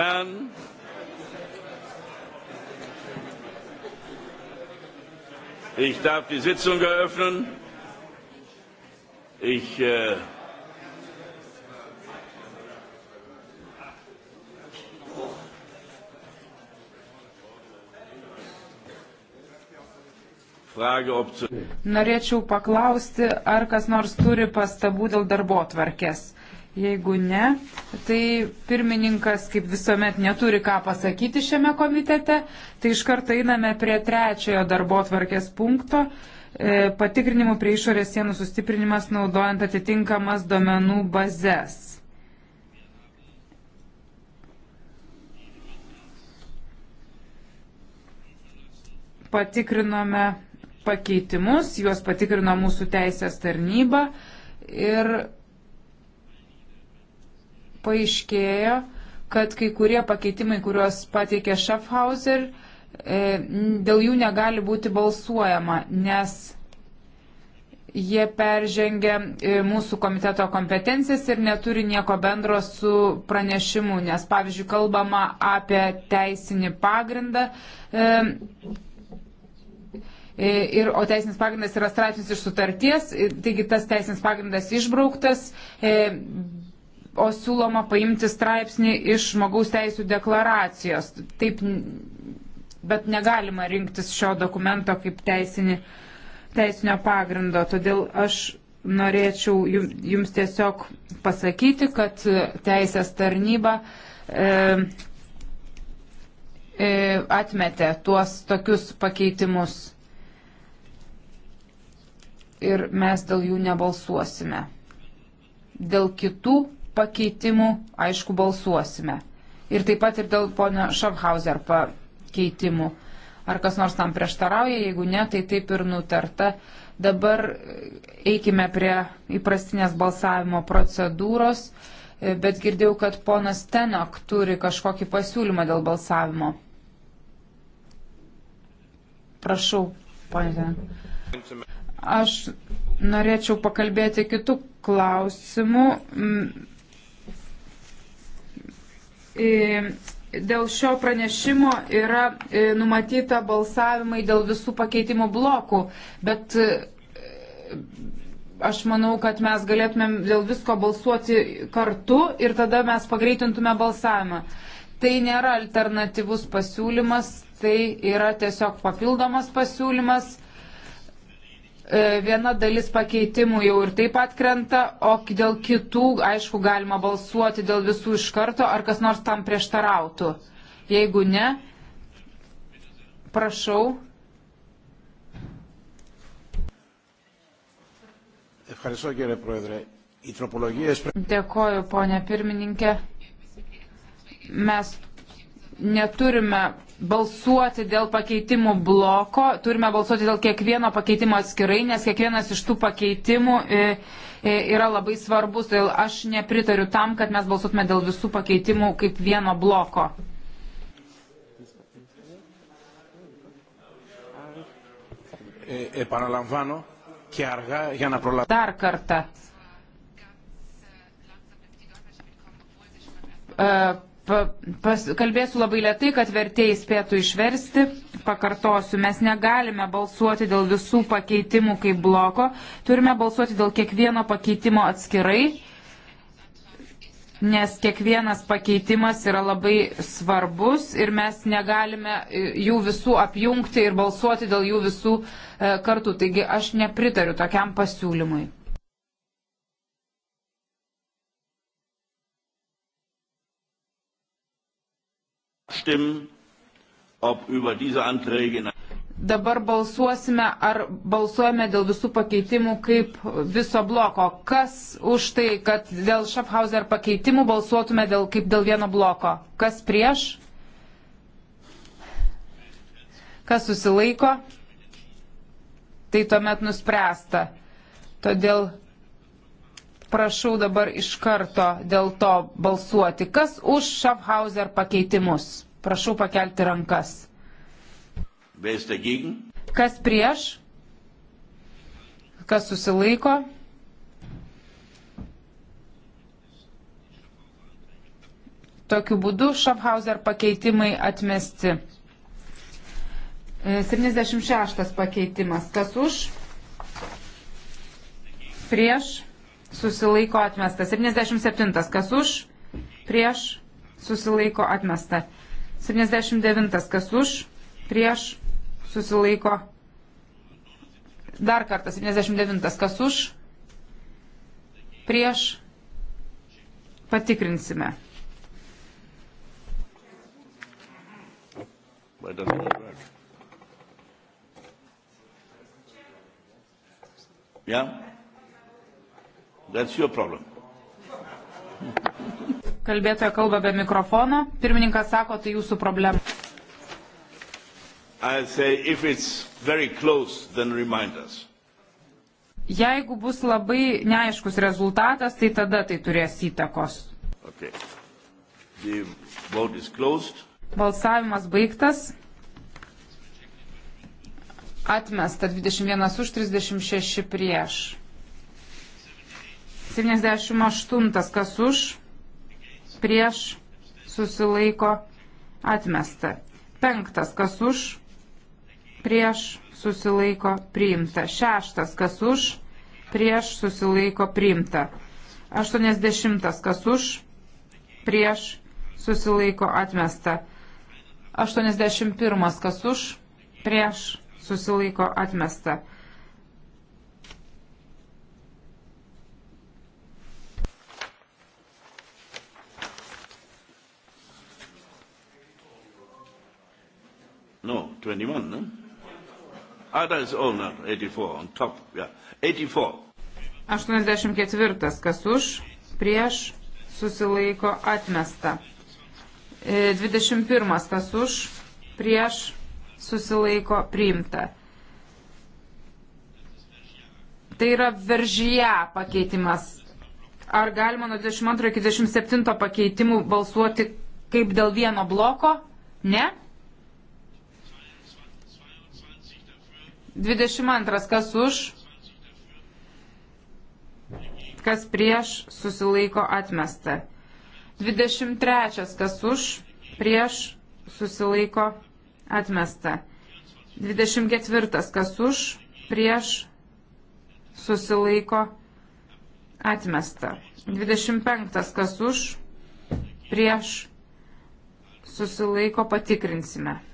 Um, ich darf die Sitzung eröffnen. Ich äh, Norėčiau paklausti, ar kas nors turi pastabų dėl darbo tvarkės. Jeigu ne, tai pirmininkas, kaip visuomet, neturi ką pasakyti šiame komitete, tai iš karto einame prie trečiojo darbo tvarkės punkto e, - patikrinimų prie išorės sienų sustiprinimas naudojant atitinkamas duomenų bazės. Patikrinome pakeitimus, juos patikrino mūsų teisės tarnyba ir paaiškėjo, kad kai kurie pakeitimai, kuriuos pateikė Schaffhauser, e, dėl jų negali būti balsuojama, nes jie peržengia e, mūsų komiteto kompetencijas ir neturi nieko bendro su pranešimu, nes, pavyzdžiui, kalbama apie teisinį pagrindą. E, ir, o teisinis pagrindas yra straipsnis iš sutarties, taigi tas teisinis pagrindas išbrauktas, o siūloma paimti straipsnį iš žmogaus teisų deklaracijos. Taip, bet negalima rinktis šio dokumento kaip teisinį, teisinio pagrindo. Todėl aš norėčiau jums tiesiog pasakyti, kad teisės tarnyba e, e, atmetė tuos tokius pakeitimus ir mes dėl jų nebalsuosime. Dėl kitų pakeitimų, aišku, balsuosime. Ir taip pat ir dėl ponio Schaffhauser pakeitimų. Ar kas nors tam prieštarauja, jeigu ne, tai taip ir nutarta. Dabar eikime prie įprastinės balsavimo procedūros, bet girdėjau, kad ponas Tenok turi kažkokį pasiūlymą dėl balsavimo. Prašau, ponė Tenok. Aš norėčiau pakalbėti kitų klausimų. E, dėl šio pranešimo yra e, numatyta balsavimai dėl visų pakeitimų blokų, bet e, aš manau, kad mes galėtumėm dėl visko balsuoti kartu ir tada mes pagreitintume balsavimą. Tai nėra alternatyvus pasiūlymas, tai yra tiesiog papildomas pasiūlymas E, viena dalis pakeitimų jau ir taip atkrenta, o dėl kitų, aišku, galima balsuoti dėl visų iš karto, ar kas nors tam prieštarautų. Jeigu ne, prašau. Dėkoju, ponė pirmininkė. Mes neturime balsuoti dėl pakeitimų bloko, turime balsuoti dėl kiekvieno pakeitimo atskirai, nes kiekvienas iš tų pakeitimų e, e, yra labai svarbus. Tai aš nepritariu tam, kad mes balsuotume dėl visų pakeitimų kaip vieno bloko. Επαναλαμβάνω και αργά για να προλάβω. Dar kartą. E, pas, kalbėsiu labai lietai, kad vertėjai spėtų išversti. Pakartosiu, mes negalime balsuoti dėl visų pakeitimų kaip bloko, turime balsuoti dėl kiekvieno pakeitimo atskirai, nes kiekvienas pakeitimas yra labai svarbus ir mes negalime e, jų visų apjungti ir balsuoti dėl jų visų e, kartu. Taigi aš nepritariu tokiam pasiūlymui. abstimmen, ob über diese Anträge in Dabar balsuosime ar balsuojame dėl visų pakeitimų kaip viso bloko. Kas už tai, kad dėl Schaffhauser pakeitimų balsuotume dėl, kaip dėl vieno bloko? Kas prieš? Kas susilaiko? Tai tuomet nuspręsta. Todėl prašau dabar iš karto dėl to balsuoti. Kas už Schaffhauser pakeitimus? Prašau pakelti rankas. Kas prieš? Kas susilaiko? Tokiu būdu Schaffhauser pakeitimai atmesti. 76 e, pakeitimas. Kas už? Prieš? Susilaiko atmesta. 77. Kas už? Prieš? Susilaiko atmesta. 79 kas už, prieš, susilaiko. Dar kartą 79 kas už, prieš, patikrinsime. Why doesn't it work? Yeah? That's your problem. Kalbėtoja kalba be mikrofono. Pirmininkas sako, tai jūsų problema. Say, close, Jeigu bus labai neaiškus rezultatas, tai tada tai turės įtakos. Okay. Balsavimas baigtas. Atmesta 21 už 36 prieš. 78 kas už, prieš, susilaiko, atmesta. 5 kas už, prieš, susilaiko, priimta. 6 kas už, prieš, susilaiko, priimta. 80 kas už, prieš, susilaiko, atmesta. 81 kas už, prieš, susilaiko, atmesta. No, 21, no? Ada is owner, 84, on top, yeah. 84. 84, kas už, prieš, susilaiko, atmesta. 21, e, kas už, prieš, susilaiko, priimta. Tai yra veržyje pakeitimas. Ar galima nuo 22 iki 27 pakeitimų balsuoti kaip dėl vieno bloko? Ne? 22. Kas už? Kas prieš? Susilaiko atmesta. 23. Kas už? Prieš? Susilaiko atmesta. 24. Kas už? Prieš? Susilaiko atmesta. 25. Kas už? Prieš? Susilaiko patikrinsime.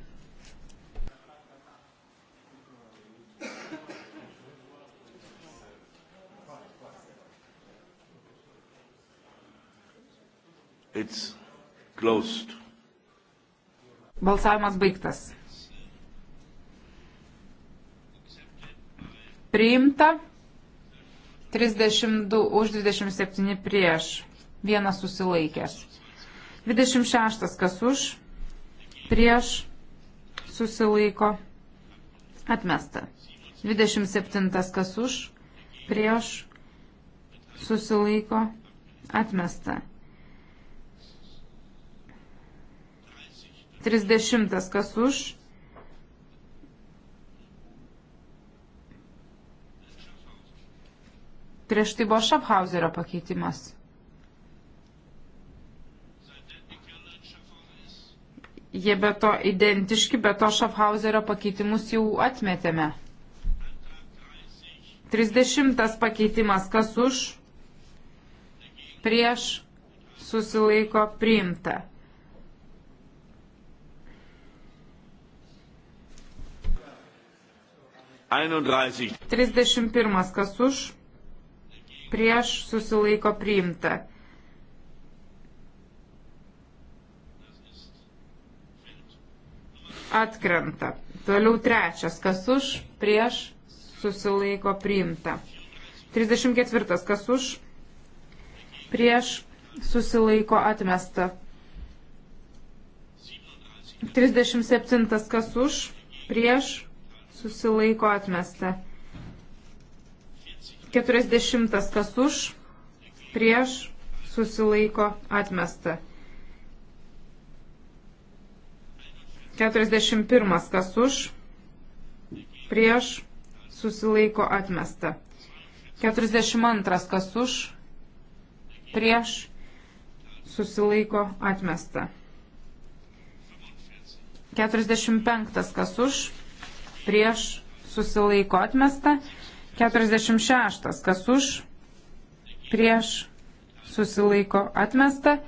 It's closed. Balsavimas baigtas. Priimta 32 už 27 prieš. Vienas susilaikęs. 26 kas už, prieš, susilaiko, atmesta. 27 kas už, prieš, susilaiko, atmesta. 30 kas už. Prieš tai buvo Schaffhauserio pakeitimas. Jie be to identiški, be to Schaffhauserio pakeitimus jau atmetėme. 30 pakeitimas kas už, prieš, susilaiko priimta. 31. 31. Kas už? Prieš susilaiko priimta. Atkrenta. Toliau trečias. Kas už? Prieš susilaiko priimta. 34. Kas už? Prieš susilaiko atmesta. 37. Kas už? Prieš susilaiko atmesta. 40 kas už, prieš, susilaiko atmesta. 41 kas už, prieš, susilaiko atmesta. 42 kas už, prieš, susilaiko atmesta. 45 kas už, prieš prieš susilaiko atmesta, 46 kas už, prieš susilaiko atmesta,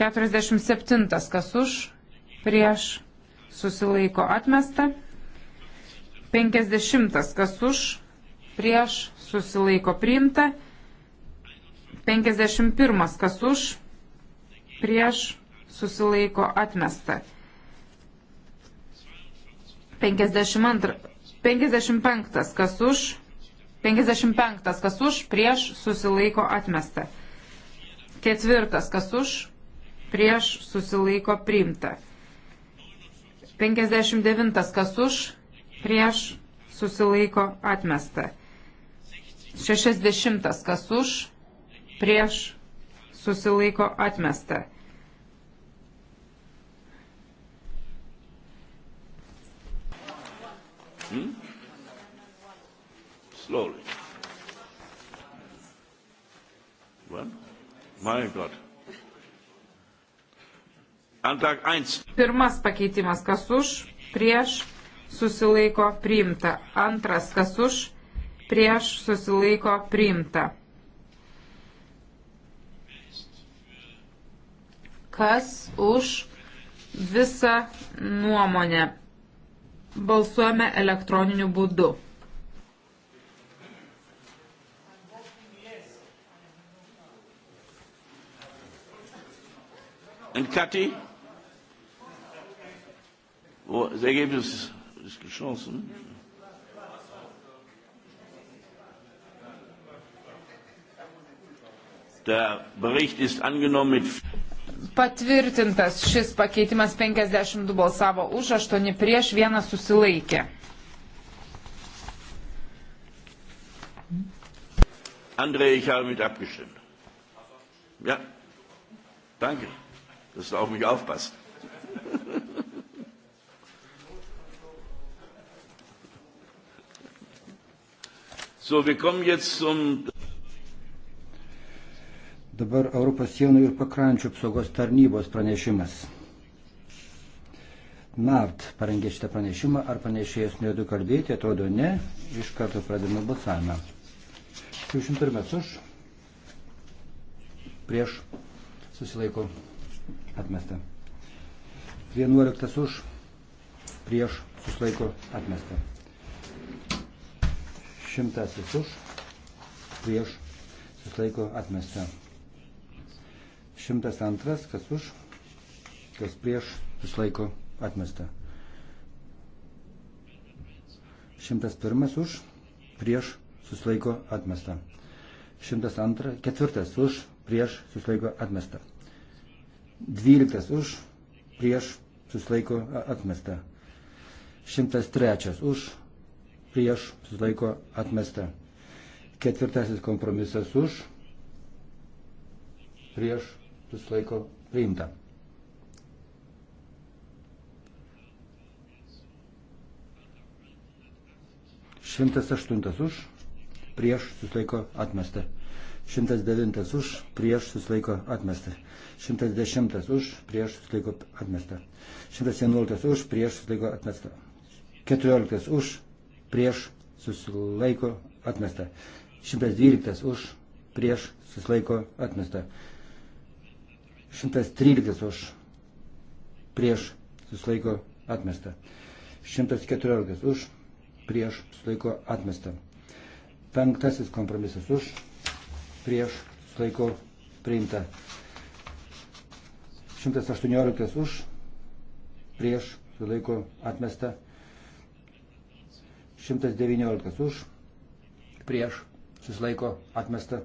47 kas už, prieš susilaiko atmesta, 50 kas už, prieš susilaiko priimta, 51 kas už, prieš susilaiko atmesta. 52, 55, kas už, 55, kas už, prieš susilaiko atmesta. Ketvirtas, kas už, prieš susilaiko priimta. 59, kas už, prieš susilaiko atmesta. 60, kas už, prieš susilaiko atmesta. Hmm? Slowly. Well, my God. Antrag 1. Pirmas pakeitimas, kas už, prieš, susilaiko priimta. Antras, kas už, prieš, susilaiko priimta. Kas už visą nuomonę Balsuojame elektroniniu būdu. And Kathi? Oh, das Ergebnis ist geschlossen. Der Bericht ist angenommen mit Patvirtintas šis pakeitimas 52 balsavo už, 8 prieš, 1 susilaikė. André, ich habe mit abgestimmt. Ja, danke, dass du auf mich aufpasst. so, wir kommen jetzt zum. Dabar Europos sienų ir pakrančių apsaugos tarnybos pranešimas. NART parengė šitą pranešimą, ar pranešėjas norėtų kalbėti, atrodo ne, iš karto pradedame balsavimą. 301 už, prieš, susilaiko, atmesta. 11 už, prieš, susilaiko, atmesta. 100 už, prieš, susilaiko, atmesta. 102, kas už, kas prieš, išlaiko atmesta. 101 už, prieš, susilaiko atmesta. 102, ketvirtas už, prieš, susilaiko atmesta. 12 už, prieš, susilaiko atmesta. 103 už, prieš, susilaiko atmesta. Ketvirtasis kompromisas už, prieš, susilaiko priimta. Šimtas aštuntas už, prieš susilaiko atmesta. 109 už, prieš susilaiko atmesta. 110 už, prieš susilaiko atmesta. 111 už, prieš susilaiko atmesta. 14 už, prieš susilaiko atmesta. 112 už, prieš susilaiko atmesta. 113 už prieš susilaiko atmesta. 114 už prieš susilaiko atmesta. Penktasis kompromisas už prieš susilaiko priimta. 118 už prieš susilaiko atmesta. 119 už prieš susilaiko atmesta.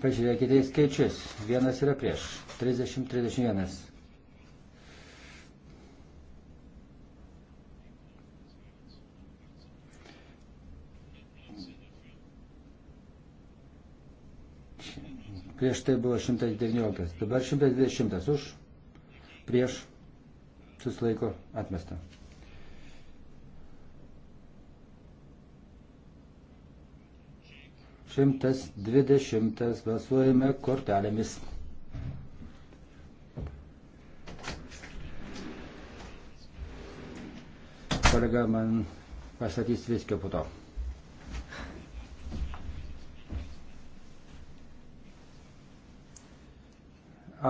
Pažiūrėkite į skaičius. Vienas yra prieš. 30-31. Prieš tai buvo 119. Dabar 120 už. Prieš. Susilaiko atmesta. 120 balsuojame kortelėmis. Kolega man pasakys viską po to.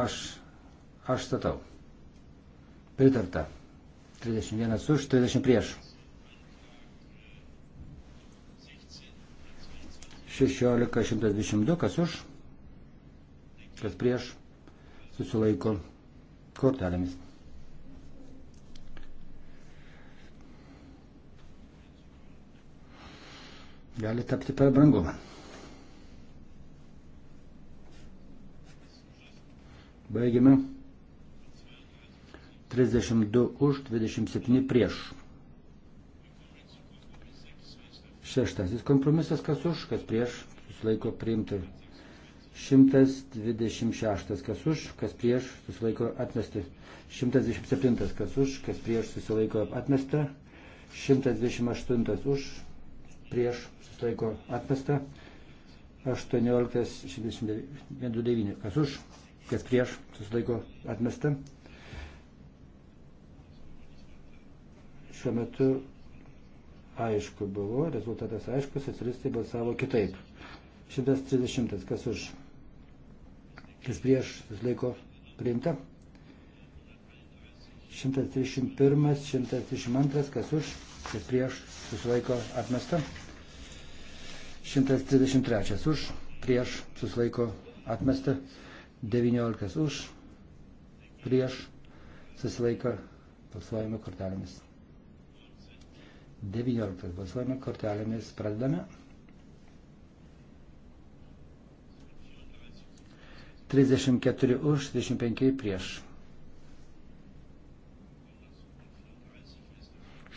Aš, aš statau. Pritarta. 31 už, 30 prieš. 16.122, kas už, kas prieš, susilaiko kortelėmis. Gali tapti per brangu. Baigime. 32 už, 27 prieš. Šeštasis kompromisas, kas už, kas prieš, susilaiko priimti. 126, kas už, kas prieš, susilaiko atmesti. 127, kas už, kas prieš, susilaiko atmesta. 128 už, prieš, susilaiko atmesta. 18.29. Kas už, kas prieš, susilaiko atmesta. Šiuo metu aišku buvo, rezultatas aiškus, socialistai balsavo kitaip. 130, kas už, kas prieš, vis laiko priimta. 131, 132, kas už, kas prieš, susilaiko atmesta. 133 už, prieš, susilaiko atmesta. 19 už, prieš, susilaiko balsuojame kortelėmis. 19. Balsuojame kortelėmis, pradedame. 34 už, 35 prieš.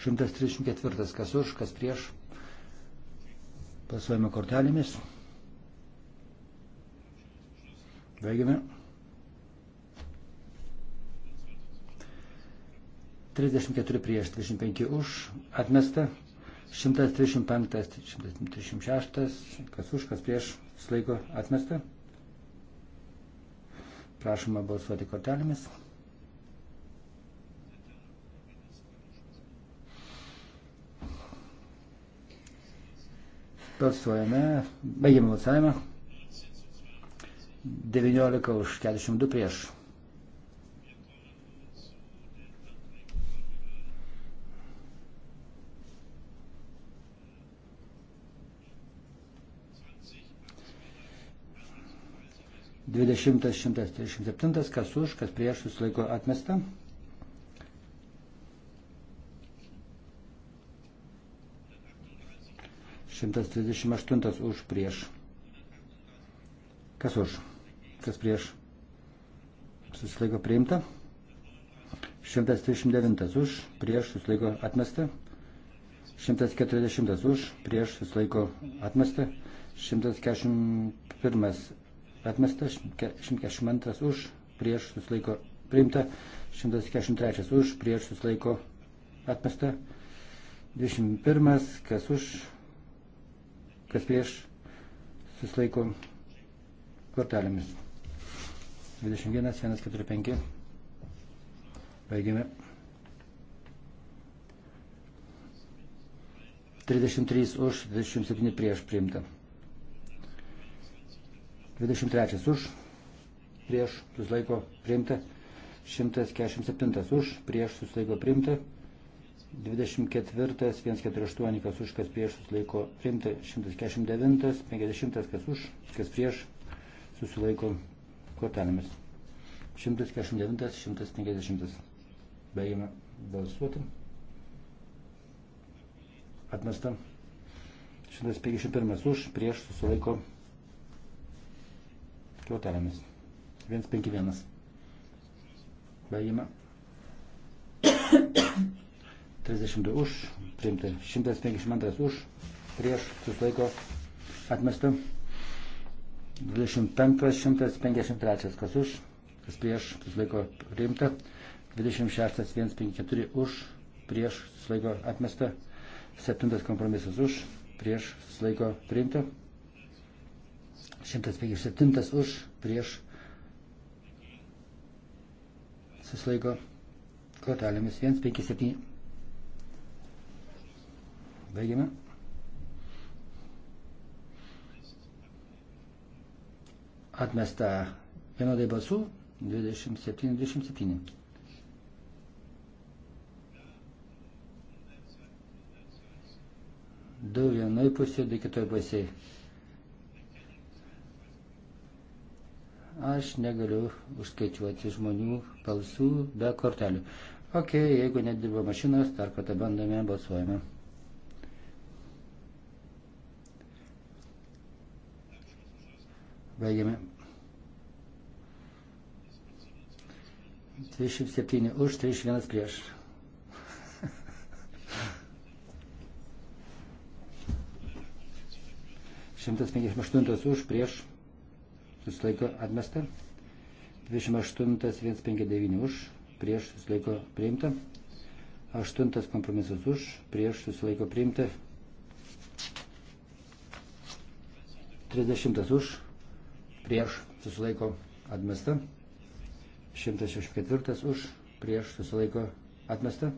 134 kas už, kas prieš. Balsuojame kortelėmis. Baigiame. 34 prieš 35 už atmesta, 135, 136, kas už, kas prieš slaiko atmesta. Prašoma balsuoti kortelėmis. Balsuojame, baigiame balsavimą. 19 už 42 prieš. 20, 137, kas už, kas prieš susilaiko atmesta. Šimtas trisdešimt aštuntas už prieš. Kas už? Kas prieš? Susilaiko priimta. 139 už, prieš susilaiko atmesta. 140 už, prieš susilaiko atmesta. 141 atmestas, 142 už, prieš susilaiko priimta, 143 už, prieš susilaiko atmesta, 21 kas už, kas prieš susilaiko kortelėmis. 21, 145. Baigime. 33 už, 27 prieš priimta. 23 už, prieš susilaiko priimta, 147 už, prieš susilaiko priimta, 24, 148 kas už, kas prieš susilaiko priimta, 149, 50 kas už, kas prieš susilaiko kortelėmis. 149, 150. Baigiame balsuoti. Atmesta. 151 už, prieš susilaiko priimta. Kortelėmis. 151. Baigime. 32 už, priimta. 152 už, prieš, susilaiko, atmesta. 25, 153, kas už, kas prieš, susilaiko, priimta. 26, 154 už, prieš, susilaiko, atmesta. 7 kompromisas už, prieš, susilaiko, priimta. 157 už prieš susilaiko kortelėmis 157. Baigiame. Atmesta vienodai balsų 27-27. Du vienoj pusėje, du kitoj pusėje. Aš negaliu užskaičiuoti žmonių balsų be kortelių. Ok, jeigu nedirba mašinos, dar kartą bandome, balsuojame. Baigiame. 37 už, 31 prieš. Šimtas penkiasdešimt aštuntas už prieš susilaiko atmesta. 28.159 už, prieš susilaiko priimta. 8 kompromisas už, prieš susilaiko priimta. 30 už, prieš susilaiko atmesta. 164 už, prieš susilaiko atmesta.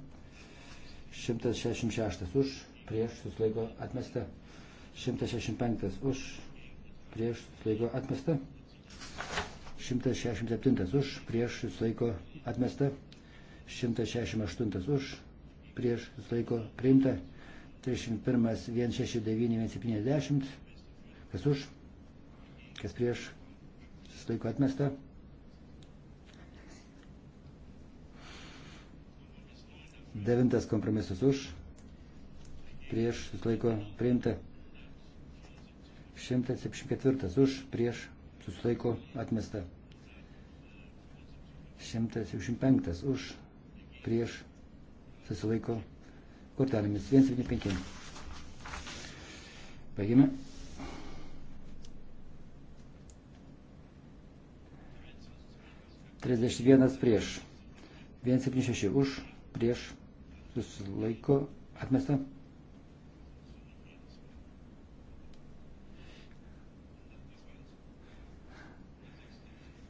166 už, prieš susilaiko atmesta. 165 už, prieš susilaiko atmesta. 167 už, prieš susilaiko atmesta, 168 už, prieš susilaiko priimta, 31, 169, 170, kas už, kas prieš susilaiko atmesta. Devintas kompromisas už, prieš susilaiko priimta, 174 už, prieš susilaiko atmesta. 175 už prieš susilaiko kortelėmis 175. Baigime. Trisdešimt vienas prieš. 176 už prieš susilaiko atmesta.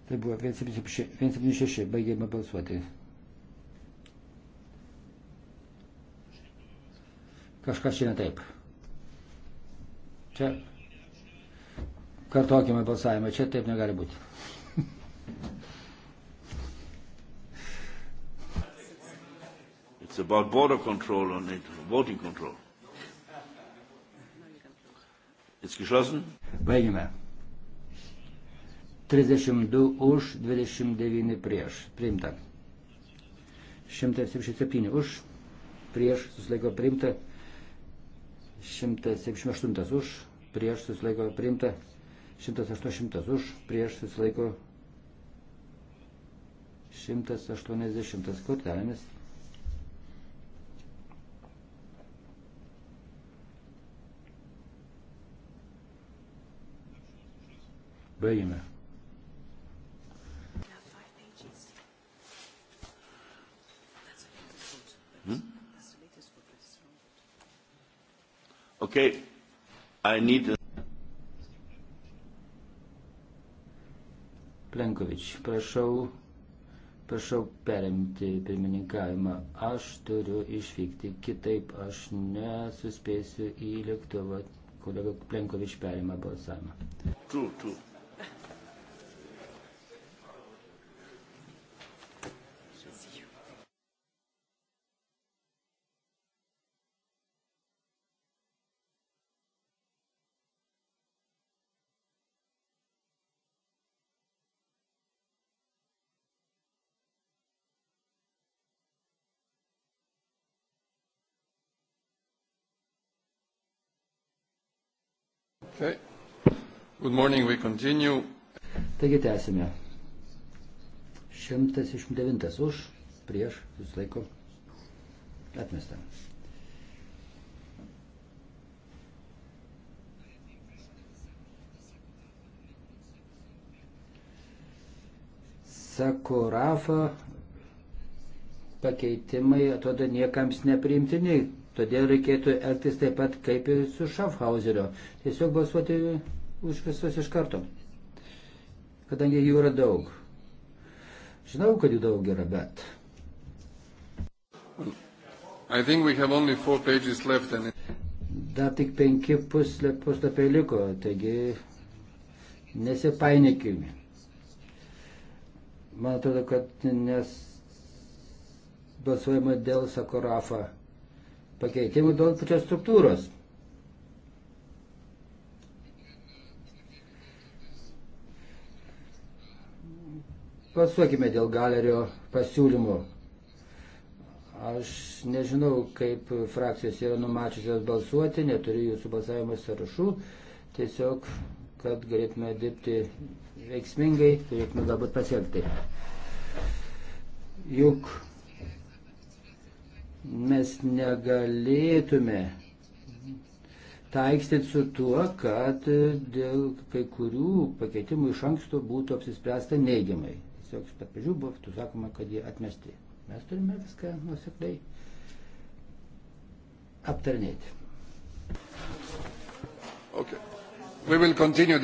Tai buvo 176, baigėme balsuoti. Kažkas čia ne taip. Čia kartokime balsavimą, čia taip negali būti. It's about border control and voting control. It's geschlossen. Baigėme. 32 už, 29 prieš. Priimta. 177 už, prieš susilaiko priimta. 178 už, prieš susilaiko priimta. 180 už, prieš susilaiko 180 kortelėmis. Baigime. Okay. I need... Plenkovič, prašau, prašau perimti pirmininkavimą. Aš turiu išvykti, kitaip aš nesuspėsiu į lėktuvą. Kolega Plenkovič perima balsavimą. True, true. Okay. Good morning, we continue. Taigi tęsime. 169 už, prieš, jūs laiko atmestą. Sakurafa pakeitimai atrodo niekams nepriimtini, Todėl reikėtų elgtis taip pat kaip ir su Schaffhauserio. Tiesiog balsuoti už visus iš karto. Kadangi jų yra daug. Žinau, kad jų daug yra, bet. And... Dar tik penki puslapiai liko, taigi nesipainiokime. Man atrodo, kad nes balsuojama dėl Sakorafa pakeitimų dėl pačios struktūros. Pasuokime dėl galerio pasiūlymų. Aš nežinau, kaip frakcijos yra numačiusios balsuoti, neturiu jūsų balsavimo sąrašų. Tiesiog, kad galėtume dirbti veiksmingai, turėtume galbūt pasiekti. Juk Mes negalėtume taikstyti su tuo, kad dėl kai kurių pakeitimų iš anksto būtų apsispręsta neigiamai. Tiesiog iš pat pradžių buvo sakoma, kad jie atmesti. Mes turime viską nusekliai aptarnėti. Okay.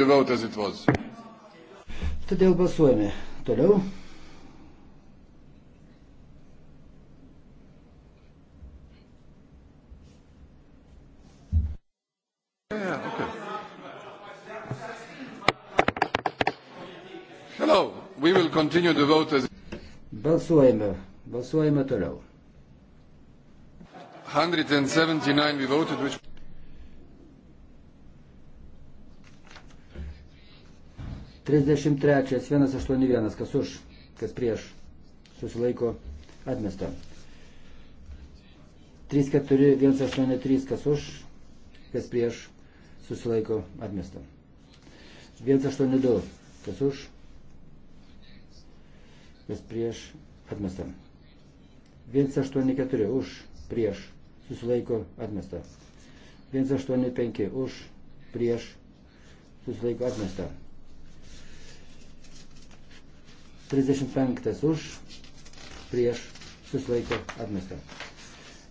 Todėl balsuojame toliau. Yeah, okay. Hello, we will continue the vote as... Balsuojame, balsuojame toliau. 179 we voted, which... Trisdešimt trečias, vienas aštuoni vienas, kas už, kas prieš, susilaiko atmesta. 3, 4, 1, 8, 3, kas už, kas prieš, susilaiko atmesta. 182, kas už, kas prieš atmesta. 184 už, prieš, susilaiko atmesta. 185 už, prieš, susilaiko atmesta. 35 už, prieš, susilaiko atmesta.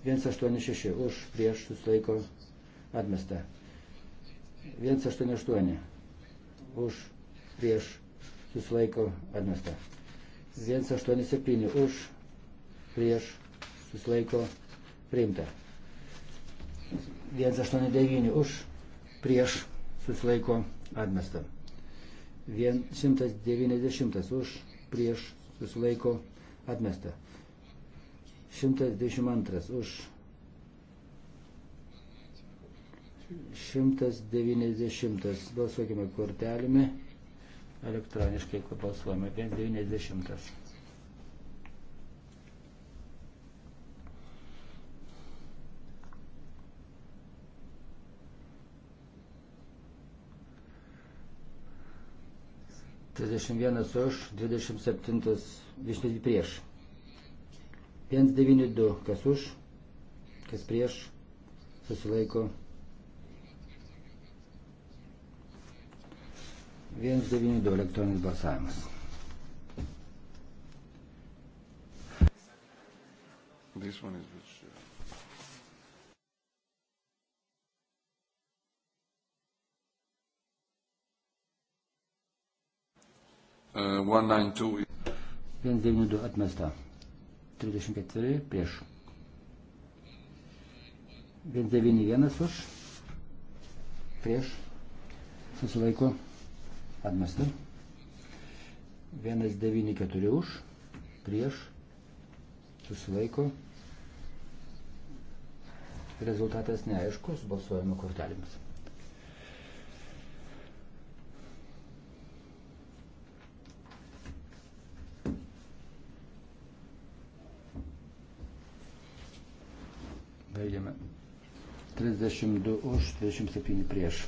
186 už, prieš, susilaiko atmesta. 188 už prieš susilaiko atmesta. 187 už prieš susilaiko priimta. 189 už prieš susilaiko atmesta. 190 už prieš susilaiko atmesta. 122 už 190. Balsuokime kortelėme. Elektroniškai balsuojame. 190. Trisdešimt vienas už, dvidešimt septintas, dvidešimt prieš. 192, kas už, kas prieš, susilaiko 192 elektroninis balsavimas. This one is which, uh... Uh, 192 atmesta. 34 prieš. 191 už. Prieš. Susilaiko. Atmesta. 194 už, prieš, susilaiko. Rezultatas neaiškus, balsuojame kortelėmis. Baigiame. 32 už, 27 prieš.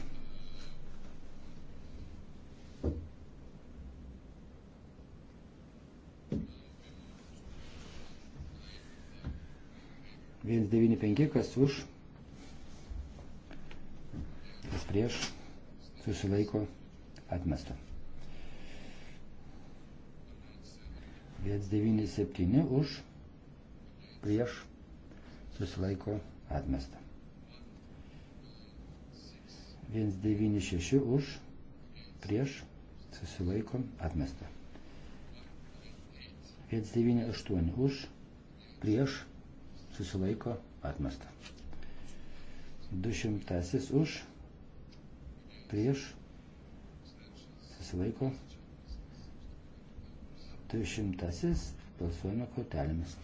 kas už, kas prieš, susilaiko, atmesta. 197 už, prieš, susilaiko, atmesta. 196 už, prieš, susilaiko, atmesta. 198 už, prieš, susilaiko, atmesta atmesta. 200 už, prieš, susilaiko. 200 balsuojame kortelėmis.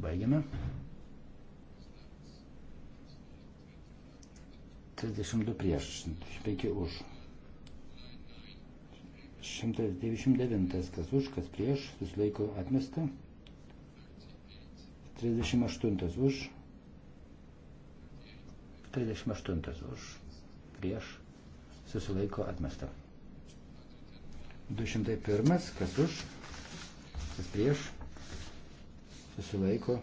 Baigiame. 32 prieš, 5 už. 199 kas už, kas prieš, susilaiko atmesta. 38 už. 38 už. Prieš. Susilaiko atmesta. 201. Kas už. Kas prieš. Susilaiko.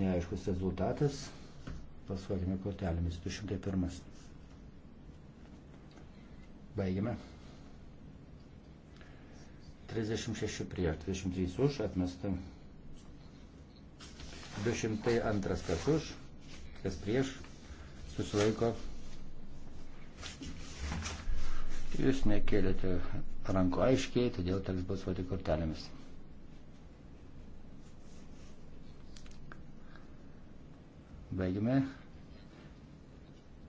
Neaiškus rezultatas. Pasuokime kortelėmis. 201. Baigiame. 36 prieš, 23 už, atmesta 202 kas už, kas prieš, susilaiko. Jūs nekėlėte rankų aiškiai, todėl teks balsuoti kortelėmis. Baigime.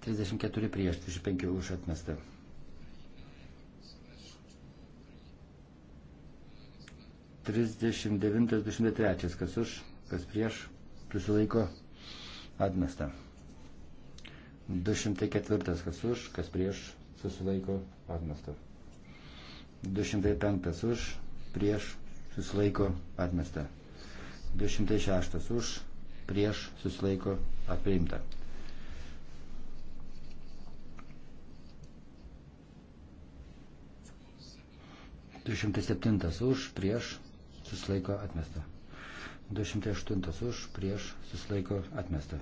34 prieš, 35 už atmestą. Trisdešimt devintas, dvidešimt trečias, kas už, kas prieš, susilaiko atmesta. 204 kas už, kas prieš susilaiko atmesta. 205 už, prieš susilaiko atmesta. 206 už, prieš susilaiko atpriimta. Du šimtai septintas už, prieš, susilaiko atmesta. 208 už, prieš, susilaiko atmesta.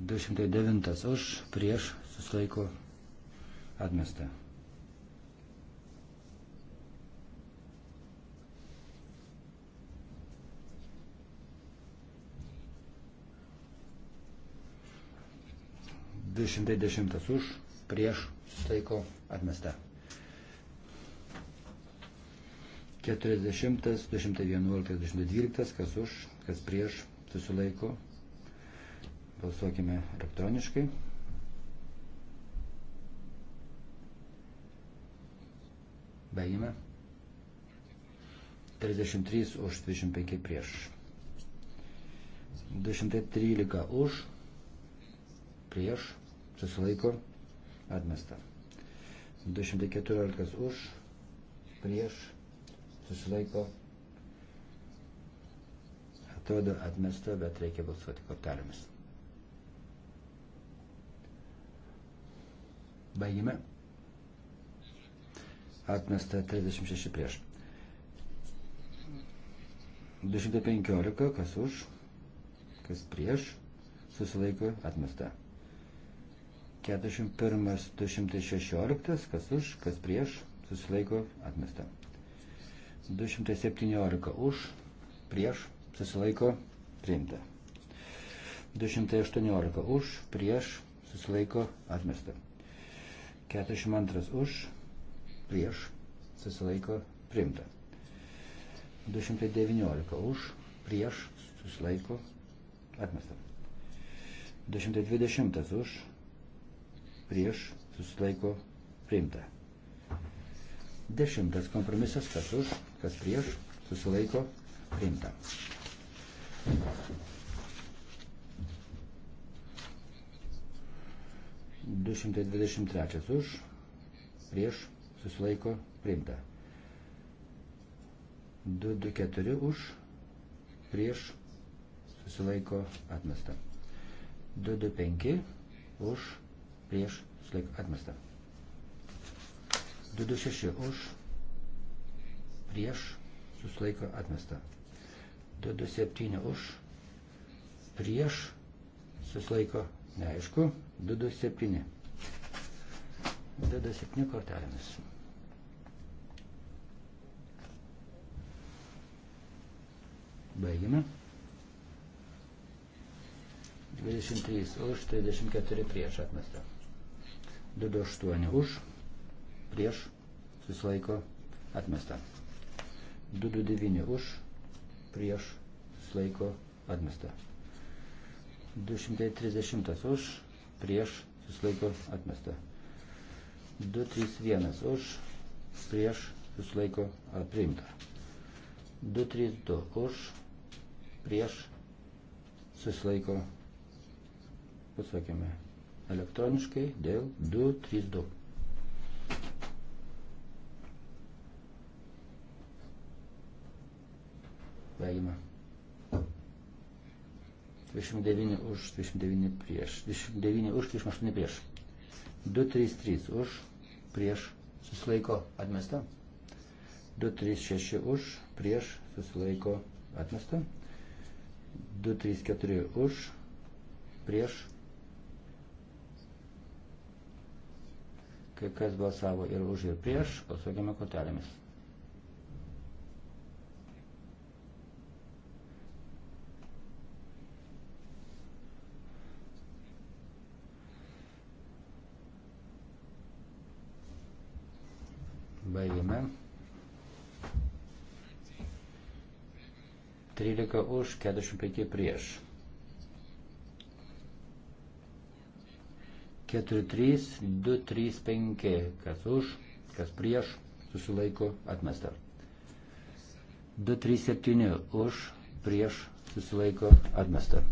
209 už, prieš, susilaiko atmesta. Dešimtai dešimtas už, prieš, susilaiko atmesta. 40, 211, 212, kas už, kas prieš, susilaiko. Balsuokime elektroniškai. Baigime. 33 už, 25 prieš. 213 už, prieš, susilaiko, atmesta. 214 už, prieš, susilaiko. Atrodo atmesta, bet reikia balsuoti kortelėmis. Baigime. Atmesta 36 prieš. 215, kas už, kas prieš, susilaiko atmesta. 41, 216, kas už, kas prieš, susilaiko atmesta. 217 už, prieš, susilaiko, priimta. 218 už, prieš, susilaiko, atmesta. 42 už, prieš, susilaiko, priimta. 219 už, prieš, susilaiko, atmesta. 220 už, prieš, susilaiko, priimta. Dešimtas kompromisas, kas už, kas prieš, susilaiko, priimta. Du šimtai dvidešimt trečias už, prieš, susilaiko, priimta. Du du keturi už, prieš, susilaiko, atmesta. Du du penki už, prieš, susilaiko, atmesta. 226 už, prieš, susilaiko atmesta. 227 už, prieš, susilaiko neaišku, 227. 227 kortelėmis. Baigime. 23 už, 34 prieš atmestą. 28 už, prieš, susilaiko atmestą. 229 už, prieš, susilaiko, atmesta. 230 už, prieš, susilaiko, atmesta. 231 už, prieš, susilaiko, priimta. 232 už, prieš, susilaiko, pasakėme, elektroniškai dėl 232. paima. 29 už, 29 prieš, 29 už, 28 prieš. 233 už, prieš, susilaiko atmesta. 236 už, prieš, susilaiko atmesta. 234 už, prieš. Kai kas balsavo ir už, ir prieš, balsuokime kortelėmis. Baigėme. 13 už, 45 prieš. 4, 3, 2, 3, 5. Kas už, kas prieš, susilaiko atmesta. 2, 3, 7 už, prieš, susilaiko atmesta.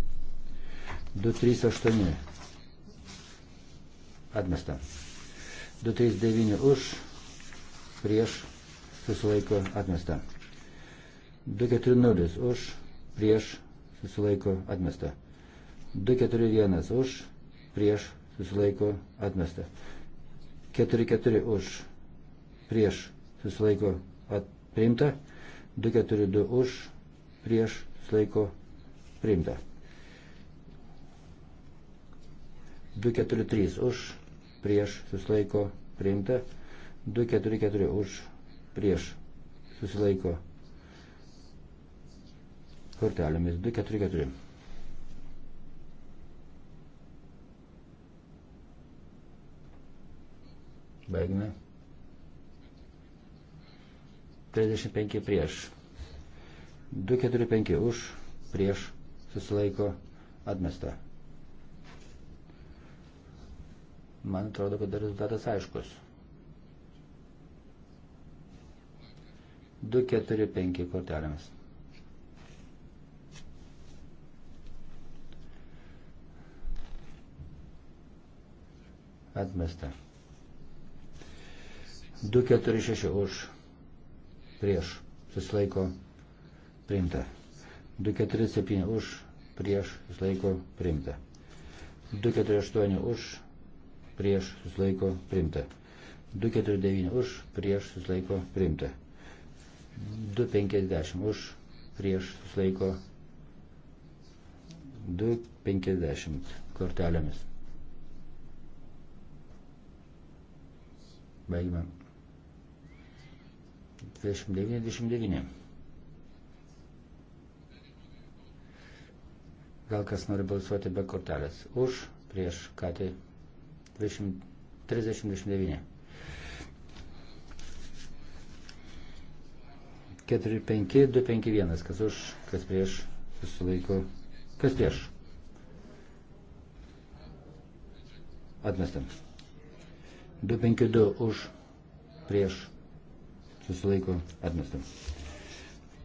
2, 3, 8 atmesta. 2, 3, 9 už, prieš susilaiko atmesta. 240 už prieš susilaiko atmesta. 241 už prieš susilaiko atmesta. 44 už prieš susilaiko at, priimta. 242 už prieš susilaiko priimta. 243 už prieš susilaiko priimta. 244 už prieš susilaiko kortelėmis 244. Baigime. 35 prieš. 245 už prieš susilaiko atmesta. Man atrodo, kad rezultatas aiškus. 2, 4, 5 kortelėmis. Atmesta. 2, 4, 6 už. Prieš. Susilaiko. Priimta. 2, 4, 7 už. Prieš. Susilaiko. Priimta. 2, 4, 8 už. Prieš. Susilaiko. Priimta. 2, 4, 9 už. Prieš. Susilaiko. Priimta. 250 už prieš susilaiko 250 kortelėmis. Baigime. 29-29. Gal kas nori balsuoti be kortelės? Už, prieš, ką tai? 30-29. 4, 5, 2, 5, 1. Kas už, kas prieš, susilaiko. Kas prieš? Atmestam. 2, 5, 2 už, prieš, susilaiko. Atmestam.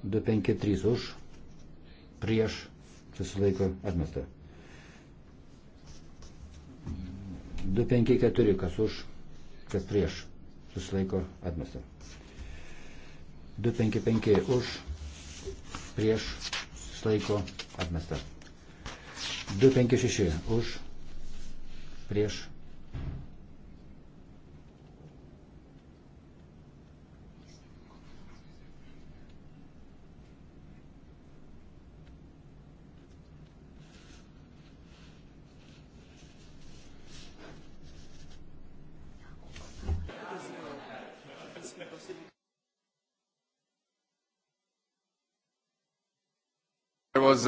2, 5, 3 už, prieš, susilaiko. Atmestam. 2, 5, 4 kas už, kas prieš, susilaiko. Atmestam. 255 už, prieš, susilaiko, atmesta. 256 už, prieš,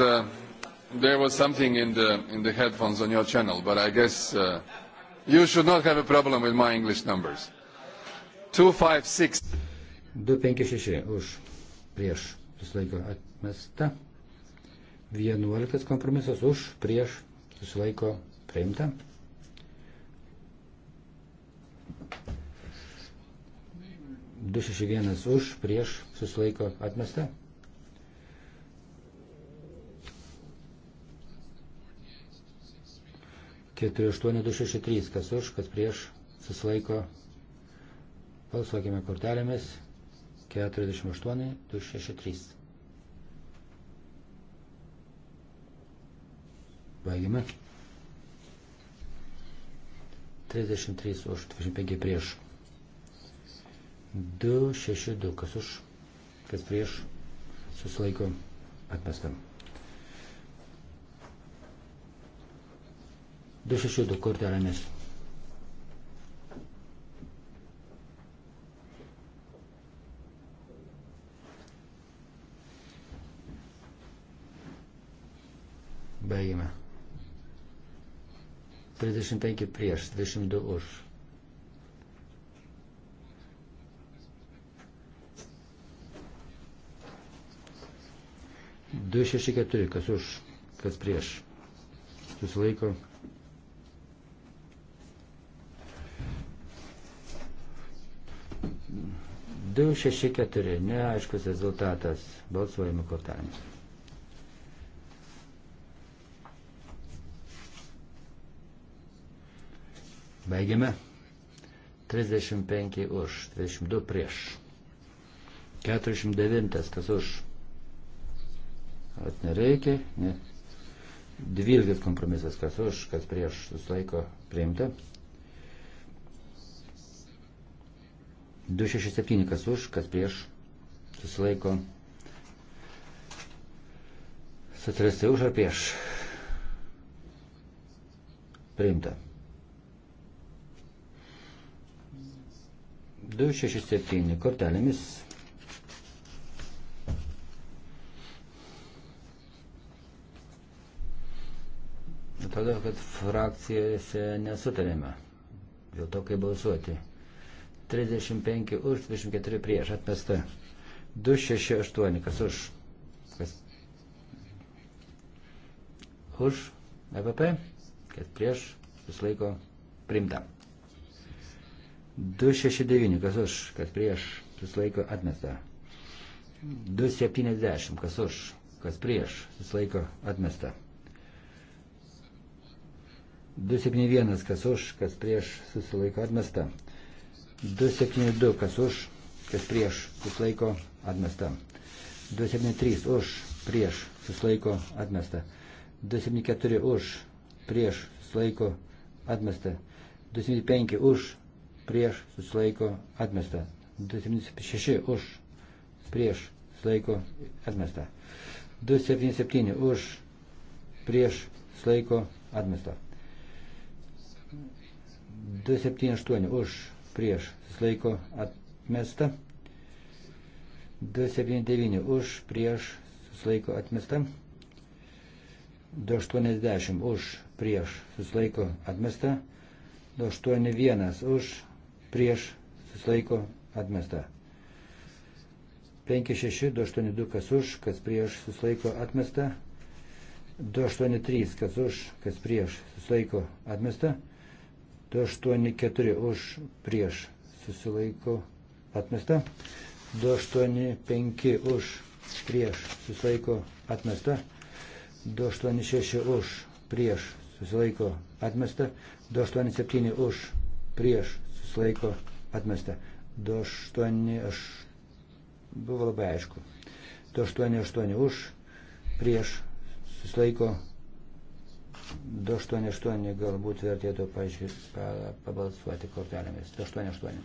was uh, there was something in the in the headphones on your channel, but I guess uh, you should not have a problem with my English numbers. Two five six. Du penki šeši už prieš susilaiko atmesta. Vienuoliktas kompromisas už prieš susilaiko priimta. Du šeši vienas už prieš susilaiko atmesta. 48263, kas už, kas prieš, susilaiko. Balsuokime kortelėmis. 48263. Baigime. 33 už, 25 prieš. 262, kas už, kas prieš, susilaiko atmestam. 262 kortelėmis. Baigime. 35 prieš, 22 už. Du šeši keturi, kas už, kas prieš. Susilaiko. laiko. 264, neaiškus rezultatas, balsuojame kortelėmis. Baigiame. 35 už, 32 prieš. 49 kas už. At nereikia, ne. 12 kompromisas kas už, kas prieš, susilaiko priimta. 267 kas už, kas prieš, susilaiko. Socialistai už ar prieš? Priimta. 267 kortelėmis. Atrodo, kad frakcijose nesutarėme dėl to, kaip balsuoti. 35 už, 24 prieš atmesta. 268, kas už? Kas? Už, EPP, kas prieš, susilaiko primta. 269, kas už, kas prieš, susilaiko atmesta. 270, kas už, kas prieš, susilaiko atmesta. 271, kas už, kas prieš, susilaiko atmesta. 272, kas už, kas prieš, susilaiko atmesta. 273 už, prieš, susilaiko atmesta. 274 už, prieš, susilaiko atmesta. 275 už, prieš, susilaiko atmesta. 276 už, prieš, susilaiko atmesta. 277 už, prieš, susilaiko atmesta. 278 už, prieš susilaiko atmesta. 279 už prieš susilaiko atmesta. 280 už prieš susilaiko atmesta. 281 už prieš susilaiko atmesta. 56, 282 kas už, kas prieš susilaiko atmesta. 283 kas už, kas prieš susilaiko atmesta. 284 už prieš susilaiko atmesta. 285 už prieš susilaiko atmesta. 286 už prieš susilaiko atmesta. 287 už prieš susilaiko atmesta. 288 buvo labai aišku. 288 už prieš susilaiko atmesta 288 galbūt vertėtų pažiūrė, pa, pabalsuoti kortelėmis. 288.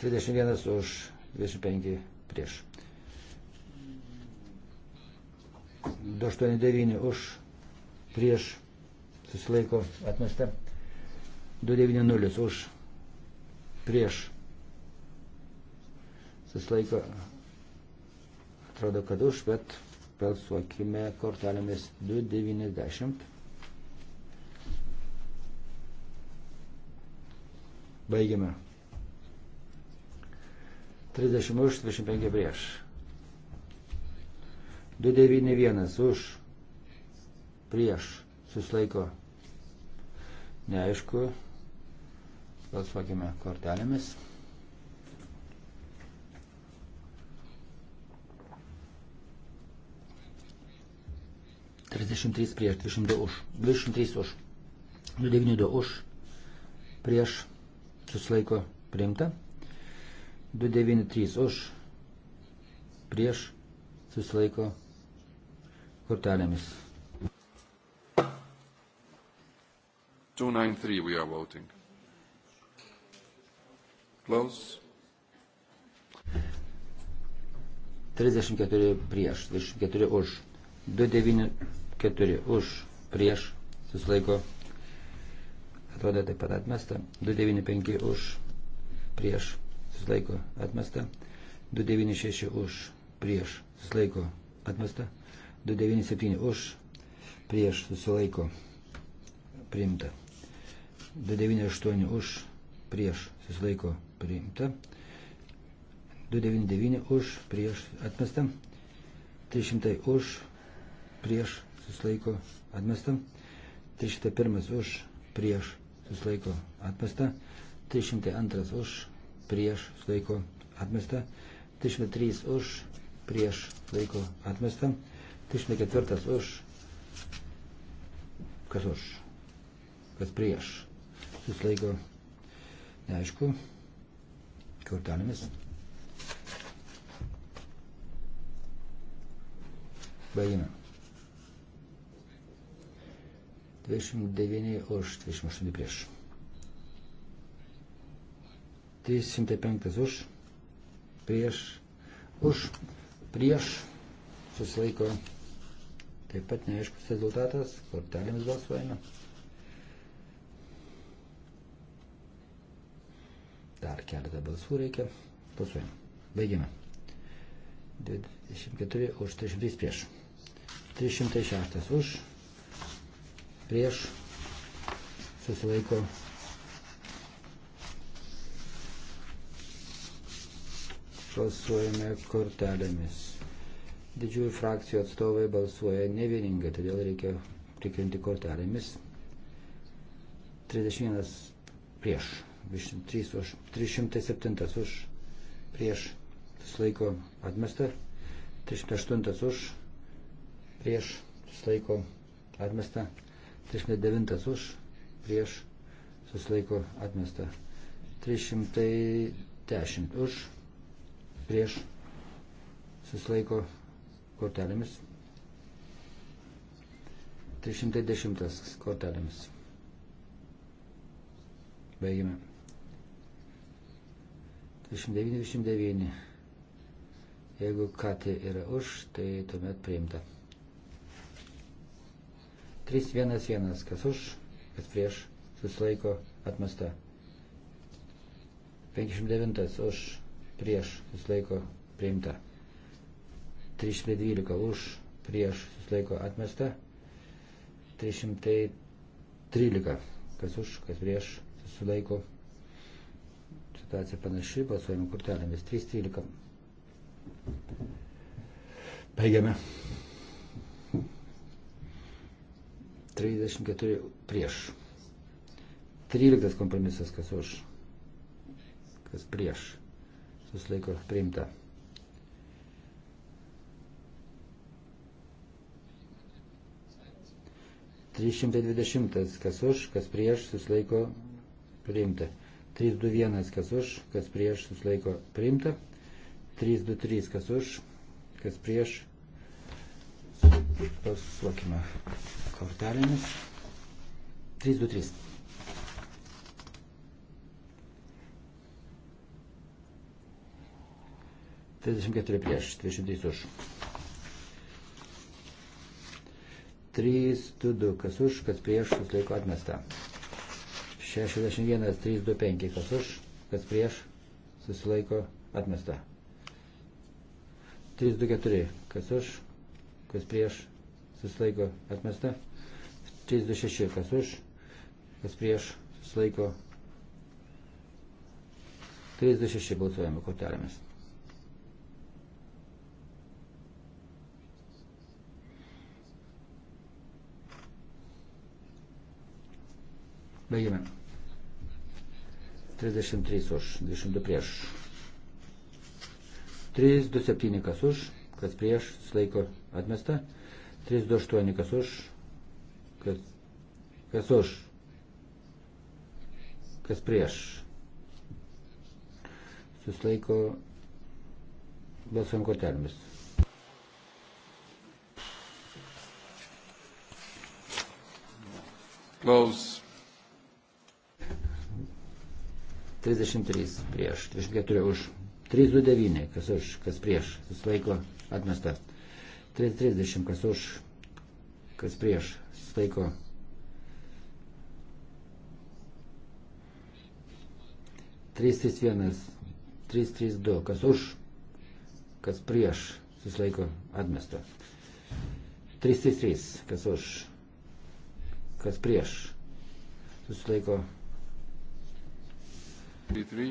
Trisdešimt vienas už, dvidešimt penki prieš. 289 už, prieš, susilaiko, atmesta. 290 už, prieš, susilaiko, atrodo, kad už, bet balsuokime kortelėmis 290. Baigiame. 30 už, 25 prieš. 291 už, prieš, susilaiko. Neaišku, balsuokime kortelėmis. 33 prieš, 22 už, 23 už, 29 už, prieš, susilaiko priimta, 293 už, prieš, susilaiko kortelėmis. 293 we are voting. Close. 34 prieš, 24 už. 294 už prieš susilaiko atrodo taip pat atmesta 295 už prieš susilaiko atmesta 296 už prieš susilaiko atmesta 297 už prieš susilaiko priimta 298 už prieš susilaiko priimta 299 už prieš atmesta 300 už prieš susilaiko atmesta, 301 už prieš susilaiko atmesta, 302 už prieš susilaiko atmesta, 303 už prieš laiko atmesta, 304 už kas už, kas prieš susilaiko neaišku kortelėmis. Baigime. 29 už, 28 prieš. 305 už, prieš, už, prieš, susilaiko. Taip pat neaiškus rezultatas, kortelėmis balsuojame. Dar keletą balsų reikia. Balsuojame. Baigiame. 24 už, 300 prieš. 306 už, prieš susilaiko. Balsuojame kortelėmis. Didžiųjų frakcijų atstovai balsuoja nevieningai, todėl reikia tikrinti kortelėmis. 31 prieš, 307 už, 307 už, prieš, susilaiko atmesta, 308 už, prieš, susilaiko atmesta, 309 už, prieš susilaiko atmesta. 310 už, prieš susilaiko kortelėmis. 310 kortelėmis. Baigime. 399. Jeigu katė yra už, tai tuomet priimta. 311, kas už, kas prieš, susilaiko atmesta. 509 už, prieš, susilaiko priimta. 312 už, prieš, susilaiko atmesta. 313, kas už, kas prieš, susilaiko. Situacija panaši, balsuojame kortelėmis. 313. Baigiame. 34 prieš. 13 kompromisas, kas už, kas prieš. Susilaiko priimta. Trys šimtai dvidešimtas, kas už, kas prieš, susilaiko priimta. 321, kas už, kas prieš, susilaiko priimta. 323, kas už, kas prieš, Pasuokime kortelėmis. 3, 2, 3. Trisdešimt keturi prieš, dvidešimt trys už. Trys, du, du, kas už, kas prieš, susilaiko atmesta. Šešiasdešimt vienas, trys, du, penki, kas už, kas prieš, susilaiko atmesta. Trys, du, keturi, kas už, kas prieš, susilaiko atmesta. 36, kas už, kas prieš, susilaiko. 36 balsuojame kortelėmis. Baigime. 33 už, 22 prieš. 3, 2, 7 kas už, kas prieš, susilaiko atmesta. 328, kas už, kas, kas už, kas prieš. Susilaiko balsuojam kortelėmis. Close. 33 prieš, 24 už. 329, kas už, kas prieš, susilaiko atmesta. 330, kas už, kas prieš, susilaiko. Trys, trys, vienas, trys, trys, du, kas už, kas prieš, susilaiko atmesta. 333, kas už, kas prieš, susilaiko. 3, 3.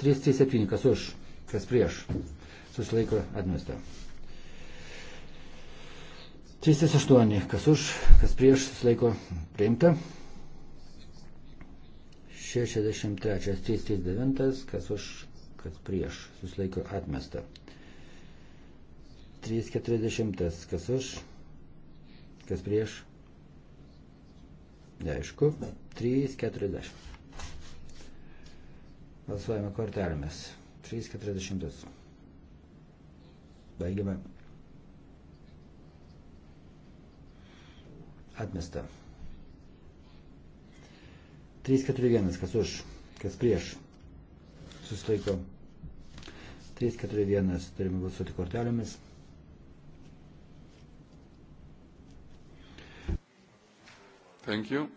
337, kas už, kas prieš, susilaiko atmesta. 308, kas už, kas prieš, susilaiko priimta. 63, 339, kas už, kas prieš, susilaiko atmesta. 340, kas už, kas prieš, neaišku, 340. Balsuojame kortelėmis. 3.40. Baigiame. Atmesta. 3.41. Kas už? Kas prieš? Susilaiko. 3.41. Turime balsuoti kortelėmis. Thank you.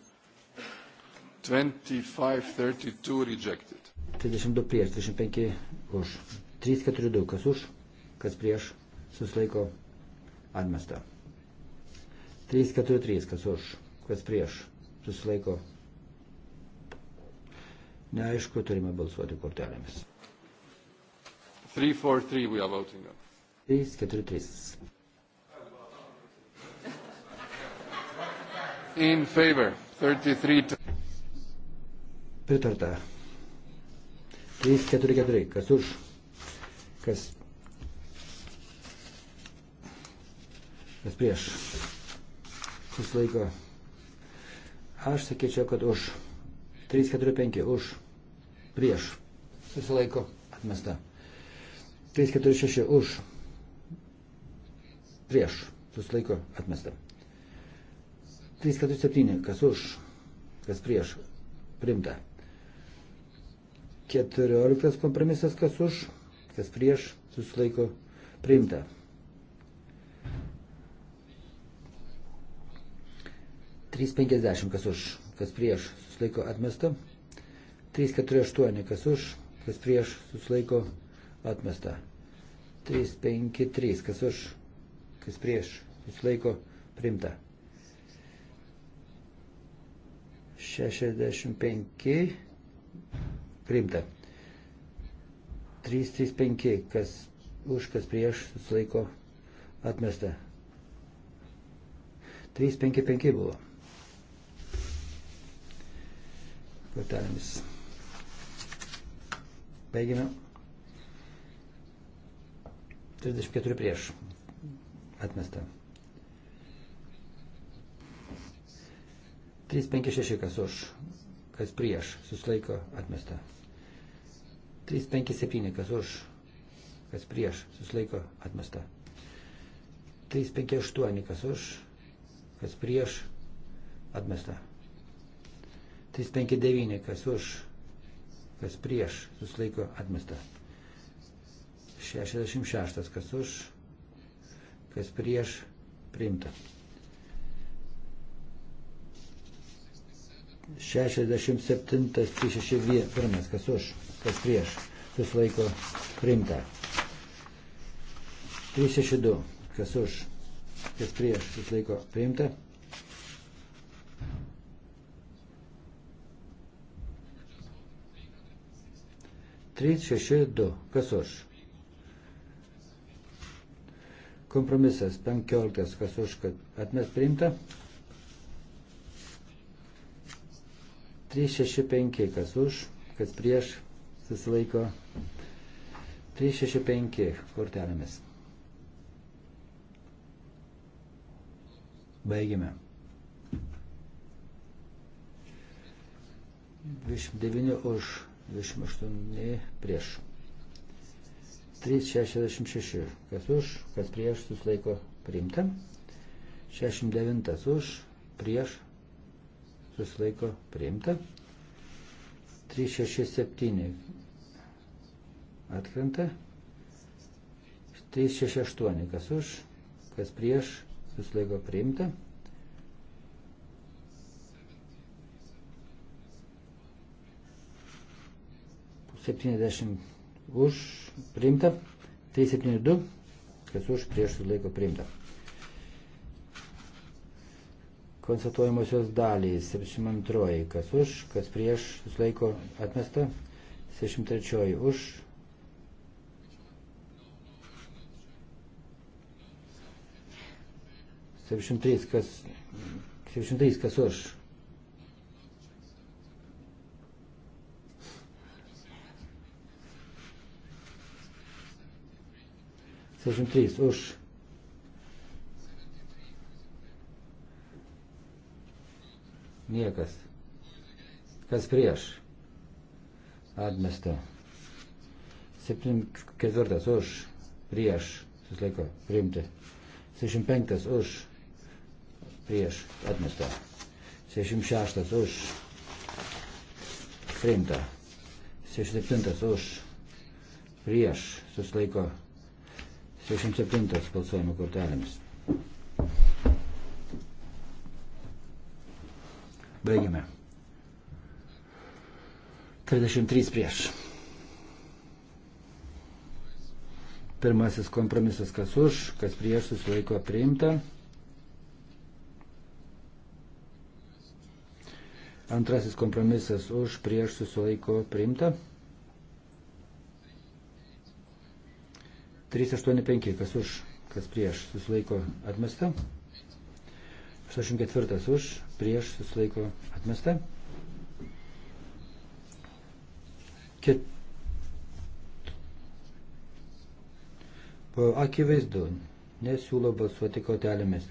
25.32 rejected. 32 prieš, 25 už. 3, 4, 2, kas už, kas prieš, susilaiko atmesta. 3, 4, 3, kas už, kas prieš, susilaiko. Neaišku, turime balsuoti kortelėmis. 3, 4, 3, we are voting on. 3, 4, 3. In favor, 33. Pritarta. 3, 4, 4. Kas už? Kas? Kas prieš? Susilaiko. Aš sakyčiau, kad už. 3, 4, 5. Už. Prieš. Susilaiko. Atmesta. 3, 4, 6. Už. Prieš. Susilaiko. Atmesta. 3, 4, 7. Kas už? Kas prieš? Primta. 14 kompromisas, kas už, kas prieš, susilaiko priimta. Trys penkiasdešimt, kas už, kas prieš, susilaiko atmesta. Trys keturi aštuoni, kas už, kas prieš, susilaiko atmesta. Trys penki trys, kas už, kas prieš, susilaiko priimta. 65 priimta. 335, kas už, kas prieš, susilaiko atmesta. 355 buvo. Kortelėmis. Baigime. 34 prieš. Atmesta. 356 kas už kas prieš, susilaiko atmesta. 357, kas už, kas prieš, susilaiko atmesta. 358, kas už, kas prieš, atmesta. 359, kas už, kas prieš, susilaiko atmesta. 66, kas už, kas prieš, priimta. 67.361, kas už, kas prieš, susilaiko priimta. 362, kas už, kas prieš, susilaiko priimta. Trys, šeši, du. Kas už? Kompromisas, penkioliktas, kas už, kad atmes priimta. 365, kas už, kas prieš, susilaiko 365 kortelėmis. Baigime. 29 už, 28 prieš. 366, kas už, kas prieš, susilaiko priimta. 69 už, prieš, susilaiko priimta. 367 atkrenta. 368 kas už, kas prieš susilaiko priimta. 70 už priimta, 372, kas už prieš laiko priimta. konstatuojamosios dalys. 72. Kas už, kas prieš, susilaiko atmesta. 73. Už. Sepšimtais, kas, sepšimtais, kas už. Sepšimtais, už. Niekas. Kas prieš? Atmesta. 74 už, prieš, susilaiko, priimti. 75 už, prieš, atmesta. 76 už, priimta. 67 už, prieš, susilaiko, 67 balsuojimo kortelėmis. Baigiame. 33 prieš. Pirmasis kompromisas, kas už, kas prieš, susilaiko priimta. Antrasis kompromisas už, prieš, susilaiko priimta. 385, kas už, kas prieš, susilaiko atmesta. 84 už, prieš susilaiko atmesta. Kit... Buvo akivaizdu, nesiūlo balsuoti kautelėmis.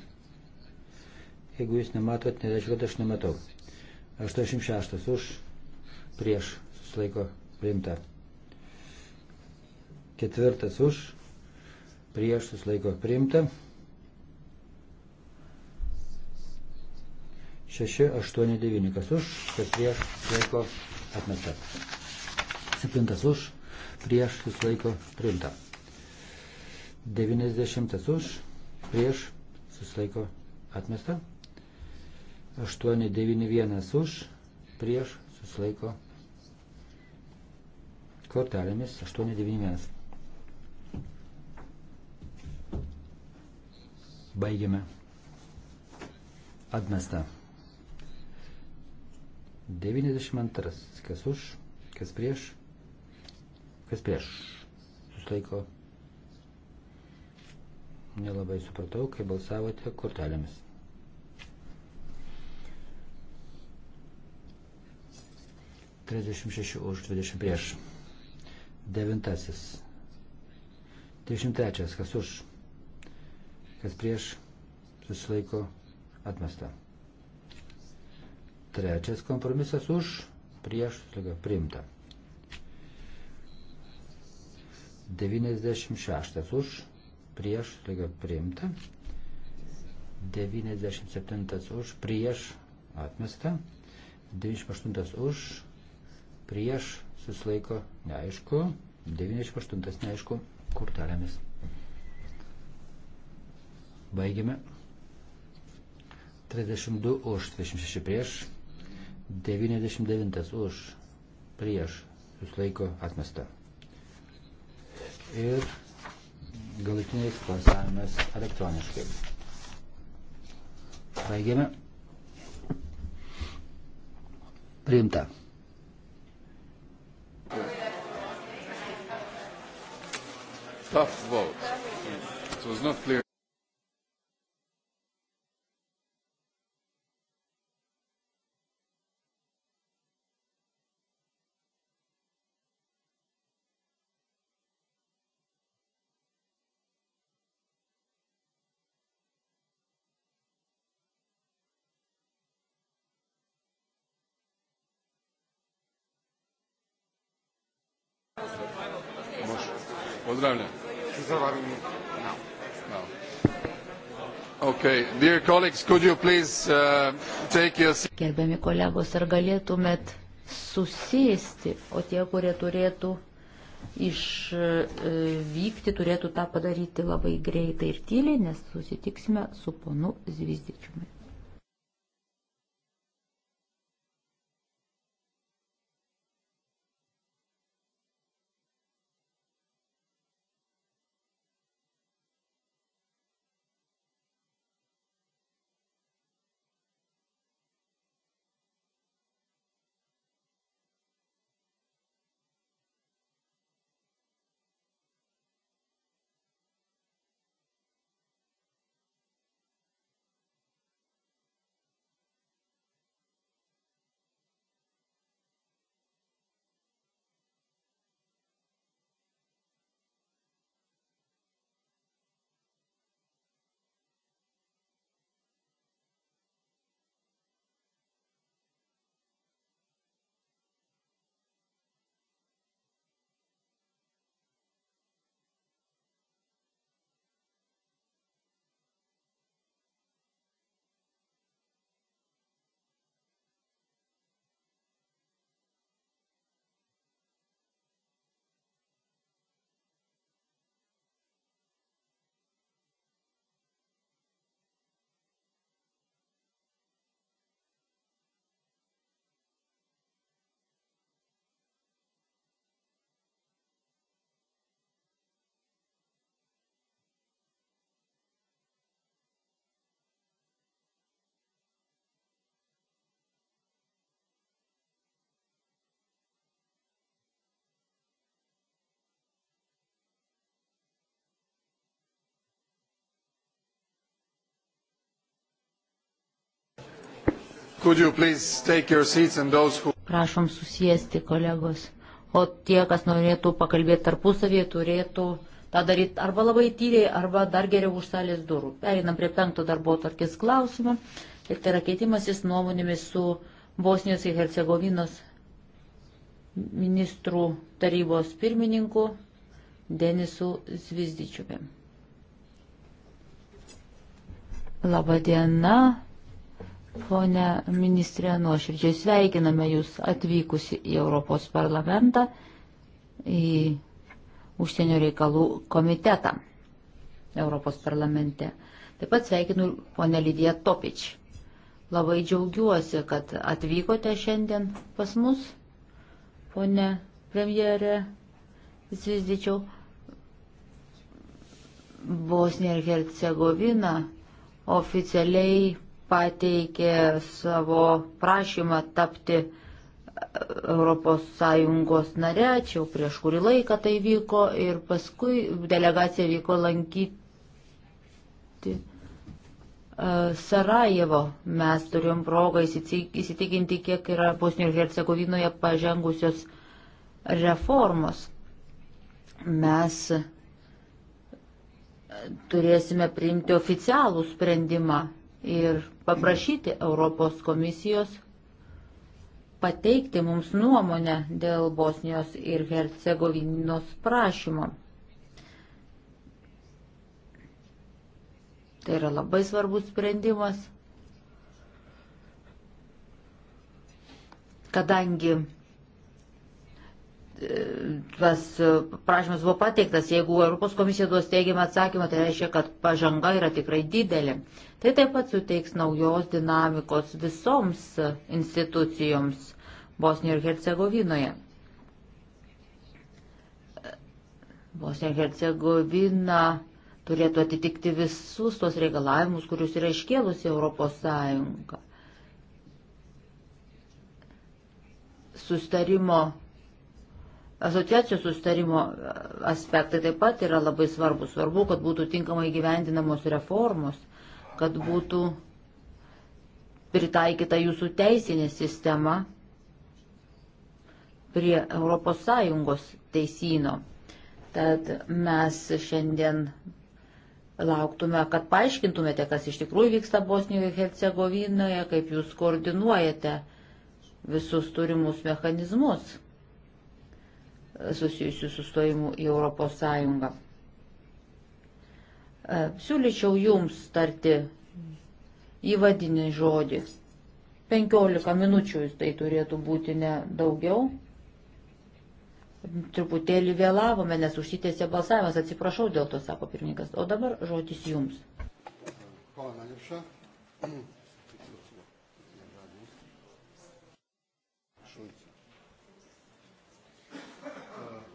Jeigu jūs nematot, nereiškia, kad aš nematau. 86 už, prieš susilaiko priimta. Ketvirtas už, prieš susilaiko priimta. 6, 8, 9, kas už, kas prieš, laiko atmesta. 7 už, prieš, susilaiko priimta. 90 už, prieš, susilaiko atmesta. 8, 9, 1 už, prieš, susilaiko kortelėmis 891. Baigiame. Atmesta. 92. Kas už, kas prieš, kas prieš. Susilaiko. Nelabai supratau, kai balsavote kortelėmis. Trisdešimt šeši už, dvidešimt prieš. Devintasis. Trisdešimt trečias. Kas už, kas prieš, susilaiko atmesta. Trečias kompromisas už, prieš, susilaiko priimta. 96 už, prieš, susilaiko priimta. 97 už, prieš, atmesta. 98 už, prieš, susilaiko neaišku. 98 neaišku, kur tariamės. Baigime. 32 už, 26 prieš. 99 už prieš susilaiko atmesta. Ir galutinis balsavimas elektroniškai. Baigiame. Priimta. Tough vote. It was not clear. Pozdravljam. Pozdravljam. No. No. Okay. Dear colleagues, could you please uh, take your... Gerbiami kolegos, ar galėtumėt susėsti, o tie, kurie turėtų išvykti, turėtų tą padaryti labai greitai ir tyliai, nes susitiksime su ponu Zvizdičiumi. Who... Prašom susijęsti, kolegos. O tie, kas norėtų pakalbėti tarpusavėje, turėtų tą daryti arba labai tyliai, arba dar geriau už salės durų. Pereinam prie penkto darbo tarkės klausimo. Ir tai yra keitimasis nuomonėmis su Bosnijos ir Hercegovinos ministrų tarybos pirmininku Denisu Zvizdičiumi. Labadiena, Pone ministrė, nuoširdžiai sveikiname Jūs atvykusi į Europos parlamentą, į užsienio reikalų komitetą Europos parlamente. Taip pat sveikinu ponę Lidiją Topič. Labai džiaugiuosi, kad atvykote šiandien pas mus, ponė premjerė Zvizdičiau. Bosnija ir Hercegovina oficialiai pateikė savo prašymą tapti ES nare, čia jau prieš kurį laiką tai vyko ir paskui delegacija vyko lankyti e, Sarajevo. Mes turėjom progą įsitikinti, kiek yra Bosnių ir Hercegovinoje pažengusios reformos. Mes turėsime priimti oficialų sprendimą ir paprašyti Europos komisijos pateikti mums nuomonę dėl Bosnijos ir Hercegovinos prašymo. Tai yra labai svarbus sprendimas, kadangi tas e, prašymas buvo pateiktas, jeigu Europos komisija duos teigiamą atsakymą, tai reiškia, kad pažanga yra tikrai didelė. Tai taip pat suteiks naujos dinamikos visoms institucijoms Bosnijoje ir Hercegovinoje. Bosnija ir Hercegovina turėtų atitikti visus tos reikalavimus, kurius yra iškėlusi Europos Sąjunga. Sustarimo Asociacijos sustarimo aspektai taip pat yra labai svarbus. Svarbu, kad būtų tinkamai gyvendinamos reformos, kad būtų pritaikyta jūsų teisinė sistema prie ES teisino. Tad mes šiandien lauktume, kad paaiškintumėte, kas iš tikrųjų vyksta Bosnijoje ir Hercegovinoje, kaip jūs koordinuojate visus turimus mechanizmus susijusių su stojimu į Europos Sąjungą. E, siūlyčiau jums tarti įvadinį žodį. 15 minučių tai turėtų būti ne daugiau. Truputėlį vėlavome, nes užsitėsė balsavimas, atsiprašau dėl to, sako pirmininkas. O dabar žodis jums. Hvala najljepša.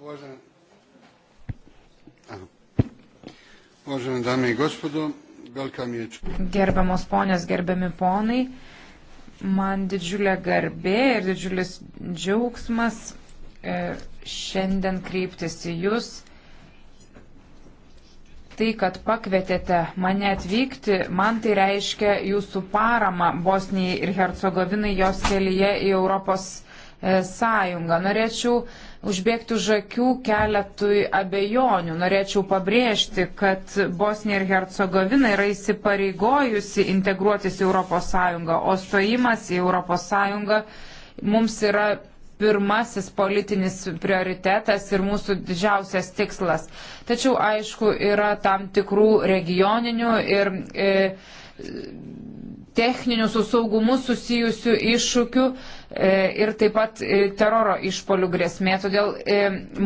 Uvažene, Uvažene dame i gospodo, velika mi je čia. Gerbiamos ponės, gerbiami ponai, man didžiulė garbė ir didžiulis džiaugsmas e, šiandien kreiptis į Jūs. Tai, kad pakvietėte mane atvykti, man tai reiškia Jūsų paramą Bosnijai ir Hercegovinai jos kelyje į Europos e, Sąjungą. Norėčiau užbėgti už akių keletui abejonių. Norėčiau pabrėžti, kad Bosnija ir Hercegovina yra įsipareigojusi integruotis į ES, o stojimas į ES mums yra pirmasis politinis prioritetas ir mūsų didžiausias tikslas. Tačiau, aišku, yra tam tikrų regioninių ir e, techninių su saugumu susijusių iššūkių e, ir taip pat e, teroro išpolių grėsmė. Todėl e,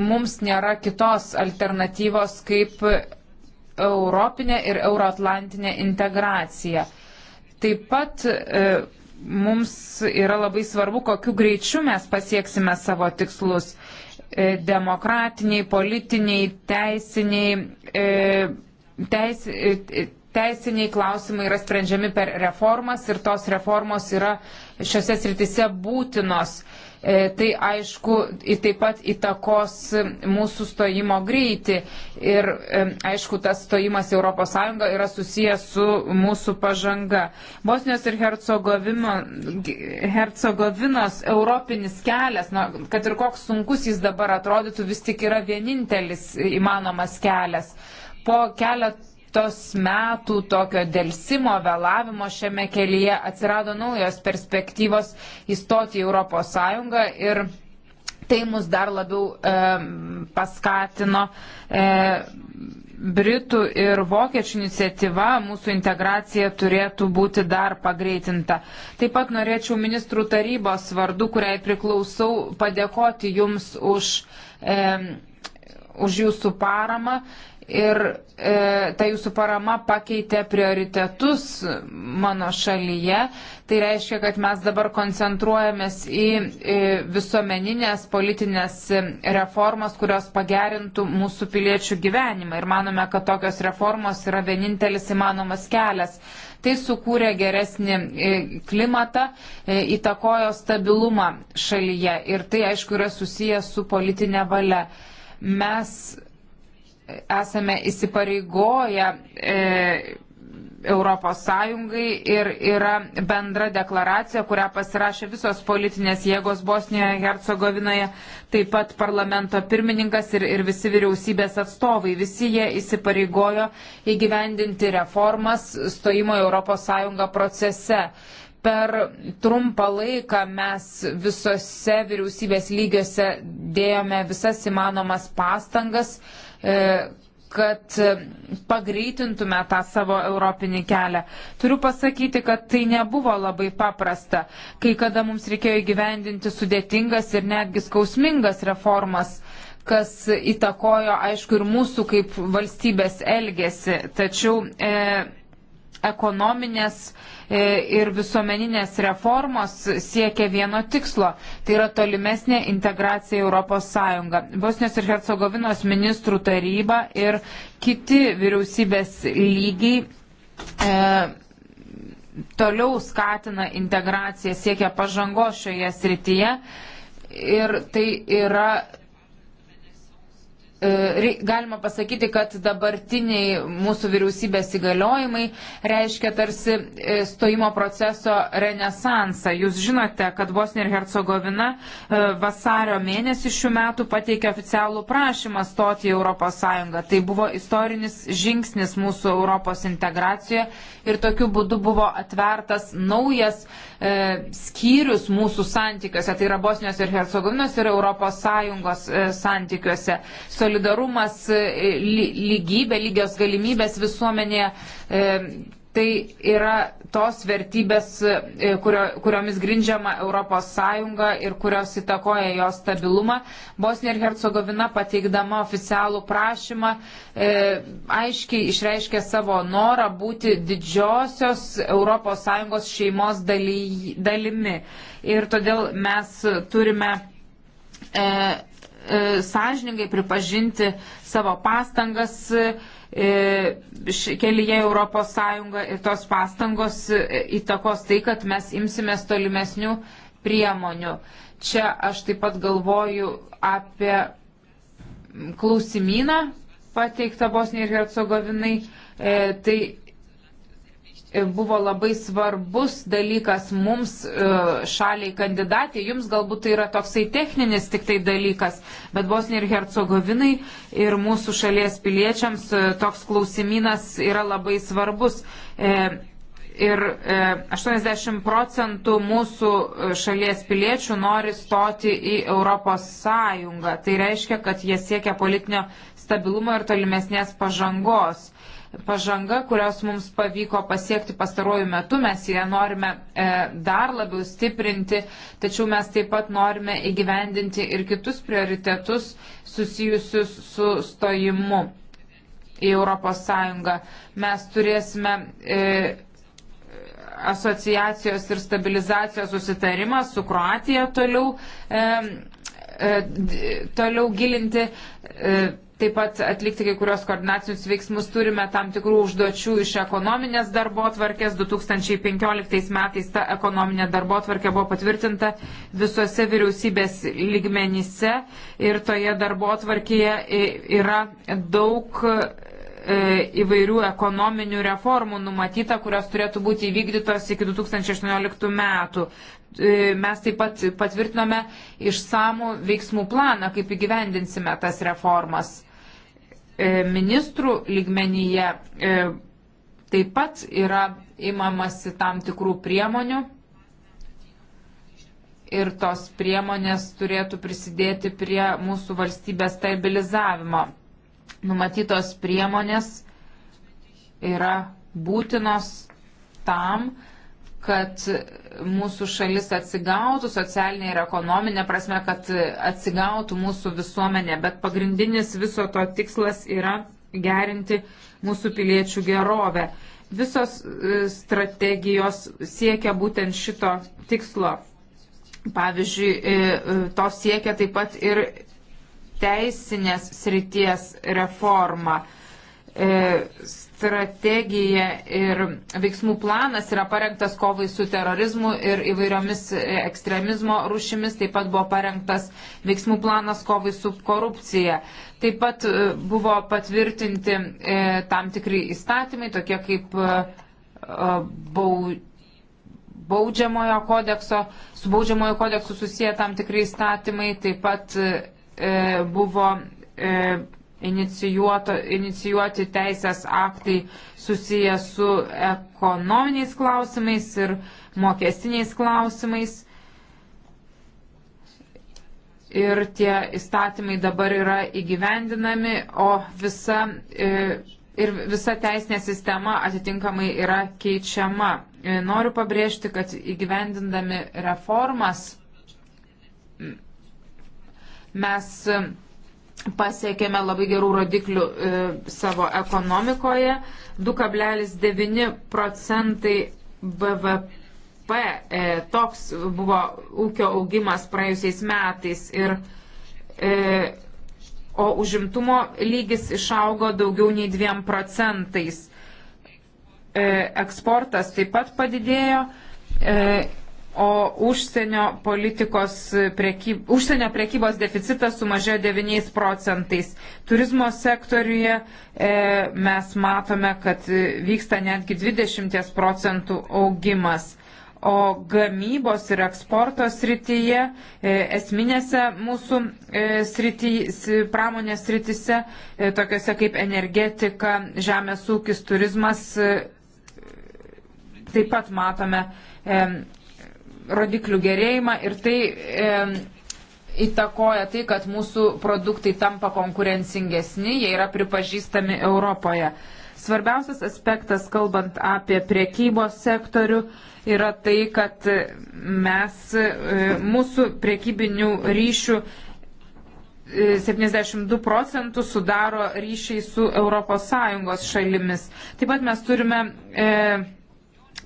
mums nėra kitos alternatyvos kaip europinė ir euroatlantinė integracija. Taip pat mums yra labai svarbu, kokiu greičiu mes pasieksime savo tikslus demokratiniai, politiniai, teisiniai, teis, teisiniai klausimai yra sprendžiami per reformas ir tos reformos yra šiose sritise būtinos. E, tai aišku, taip pat įtakos mūsų stojimo greitį. Ir e, aišku, tas stojimas ES yra susijęs su mūsų pažanga. Bosnijos ir Hercegovinos europinis kelias, na, kad ir koks sunkus jis dabar atrodytų, vis tik yra vienintelis įmanomas kelias. Po keletą Tos metų tokio dėlsimo, vėlavimo šiame kelyje atsirado naujos perspektyvos įstoti į Europos Sąjungą ir tai mus dar labiau e, paskatino e, Britų ir Vokiečių iniciatyva, mūsų integracija turėtų būti dar pagreitinta. Taip pat norėčiau ministrų tarybos vardu, kuriai priklausau, padėkoti Jums už, e, už Jūsų paramą ir e, ta jūsų parama pakeitė prioritetus mano šalyje. Tai reiškia, kad mes dabar koncentruojamės į e, visuomeninės politinės reformas, kurios pagerintų mūsų piliečių gyvenimą. Ir manome, kad tokios reformos yra vienintelis įmanomas kelias. Tai sukūrė geresnį e, klimatą, e, įtakojo stabilumą šalyje ir tai aišku yra susijęs su politinė valia. Mes esame įsipareigoję e, Europos Sąjungai ir yra bendra deklaracija, kurią pasirašė visos politinės jėgos Bosnijoje, Hercegovinoje, taip pat parlamento pirmininkas ir, ir visi vyriausybės atstovai. Visi jie įsipareigojo įgyvendinti reformas stojimo Europos Sąjungą procese per trumpą laiką mes visose vyriausybės lygiuose dėjome visas įmanomas pastangas E, kad pagreitintume tą savo europinį kelią. Turiu pasakyti, kad tai nebuvo labai paprasta, kai kada mums reikėjo įgyvendinti sudėtingas ir netgi skausmingas reformas kas įtakojo, aišku, ir mūsų kaip valstybės elgesi. Tačiau e, ekonominės e, ir visuomeninės reformos siekia vieno tikslo - tai yra tolimesnė integracija į Europos Sąjungą. Bosnijos ir Hercegovinos ministrų taryba ir kiti vyriausybės lygiai e, toliau skatina integraciją, siekia pažangos šioje srityje. Ir tai yra E, galima pasakyti, kad dabartiniai mūsų vyriausybės įgaliojimai reiškia tarsi e, stojimo proceso renesansą. Jūs žinote, kad Bosnija ir Hercegovina e, vasario mėnesį šių metų pateikė oficialų prašymą stoti į ES. Tai buvo istorinis žingsnis mūsų Europos integracijoje ir tokiu būdu buvo atvertas naujas e, skyrius mūsų santykiuose, tai yra Bosnijos ir Hercegovinos ir ES santykiuose. So solidarumas, e, lygybė, lygios galimybės visuomenėje. E, tai yra tos vertybės, e, kurio, kuriomis grindžiama ES ir kurios įtakoja jo stabilumą. Bosnija ir Hercegovina pateikdama oficialų prašymą e, aiškiai išreiškė savo norą būti didžiosios ES šeimos daly, dalimi. Ir todėl mes turime. E, E, sąžiningai pripažinti savo pastangas e, kelyje Europos Sąjunga ir tos pastangos e, įtakos tai, kad mes imsimės tolimesnių priemonių. Čia aš taip pat galvoju apie klausimyną pateiktą Bosniai ir Hercegovinai. E, tai E, buvo labai svarbus dalykas mums e, šaliai kandidatė. Jums galbūt tai yra toksai techninis tik tai dalykas, bet Bosniai ir Hercegovinai ir mūsų šalies piliečiams e, toks klausimynas yra labai svarbus. Ir 80 procentų mūsų šalies piliečių nori stoti į Europos Sąjungą. Tai reiškia, kad jie siekia politinio stabilumo ir tolimesnės pažangos pažanga, kurios mums pavyko pasiekti pastaruoju metu. Mes ją norime e, dar labiau stiprinti, tačiau mes taip pat norime įgyvendinti ir kitus prioritetus susijusius su stojimu į Europos Sąjungą. Mes turėsime. E, asociacijos ir stabilizacijos susitarimas su Kroatija toliau, e, e, toliau gilinti. E, taip pat atlikti kai kurios koordinacinius veiksmus. Turime tam tikrų užduočių iš ekonominės darbo atvarkės. 2015 metais ta ekonominė darbo atvarkė buvo patvirtinta visose vyriausybės lygmenyse ir toje darbo atvarkėje e, yra daug e, įvairių ekonominių reformų numatyta, kurios turėtų būti įvykdytos iki 2018 metų. E, mes taip pat patvirtinome išsamų veiksmų planą, kaip įgyvendinsime tas reformas. E, ministrų lygmenyje e, taip pat yra imamasi tam tikrų priemonių ir tos priemonės turėtų prisidėti prie mūsų valstybės stabilizavimo. Numatytos priemonės yra būtinos tam, kad mūsų šalis atsigautų socialinė ir ekonominė prasme, kad atsigautų mūsų visuomenė, bet pagrindinis viso to tikslas yra gerinti mūsų piliečių gerovę. Visos e, strategijos siekia būtent šito tikslo. Pavyzdžiui, e, e, to siekia taip pat ir teisinės srities reforma strategija ir veiksmų planas yra parengtas kovai su terorizmu ir įvairiomis e, ekstremizmo rušimis, taip pat buvo parengtas veiksmų planas kovai su korupcija. Taip pat e, buvo patvirtinti e, tam tikri įstatymai, tokie kaip baudžiamojo kodekso, su baudžiamojo kodeksu susiję tam tikri įstatymai, taip pat buvo inicijuoti teisės aktai susiję su ekonominiais klausimais ir mokestiniais klausimais. Ir tie įstatymai dabar yra įgyvendinami, o visa, e, ir visa teisinė sistema atitinkamai yra keičiama. E, noriu pabrėžti, kad įgyvendindami reformas mes pasiekėme labai gerų rodiklių e, savo ekonomikoje. 2,9 procentai BVP e, toks buvo ūkio augimas praėjusiais metais. Ir, e, o užimtumo lygis išaugo daugiau nei 2 procentais. E, eksportas taip pat padidėjo. E, o užsienio politikos prekyb, užsienio prekybos deficitas sumažėjo 9 procentais. Turizmo sektoriuje e, mes matome, kad vyksta netgi 20 procentų augimas. O gamybos ir eksporto srityje, e, esminėse mūsų e, srity, pramonės srityse, e, tokiuose kaip energetika, žemės ūkis, turizmas, e, taip pat matome e, rodiklių gerėjimą ir tai e, įtakoja tai, kad mūsų produktai tampa konkurencingesni, jie yra pripažįstami Europoje. Svarbiausias aspektas, kalbant apie priekybos sektorių, yra tai, kad mes, e, mūsų priekybinių ryšių 72 e, procentų sudaro ryšiai su ES šalimis. Taip pat mes turime e,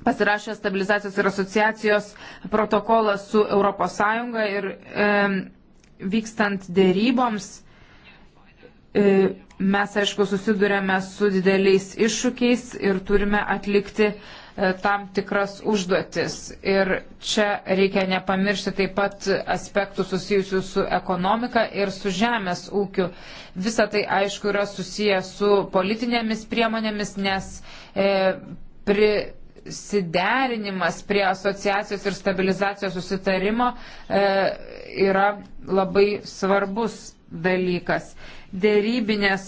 pasirašė stabilizacijos ir asociacijos protokolą su ES ir e, vykstant dėryboms e, mes, aišku, susidurėme su dideliais iššūkiais ir turime atlikti e, tam tikras užduotis. Ir čia reikia nepamiršti taip pat aspektų susijusių su ekonomika ir su žemės ūkiu. Visa tai, aišku, yra susiję su politinėmis priemonėmis, nes e, pri siderinimas prie asociacijos ir stabilizacijos susitarimo e, yra labai svarbus dalykas. Dėrybinės,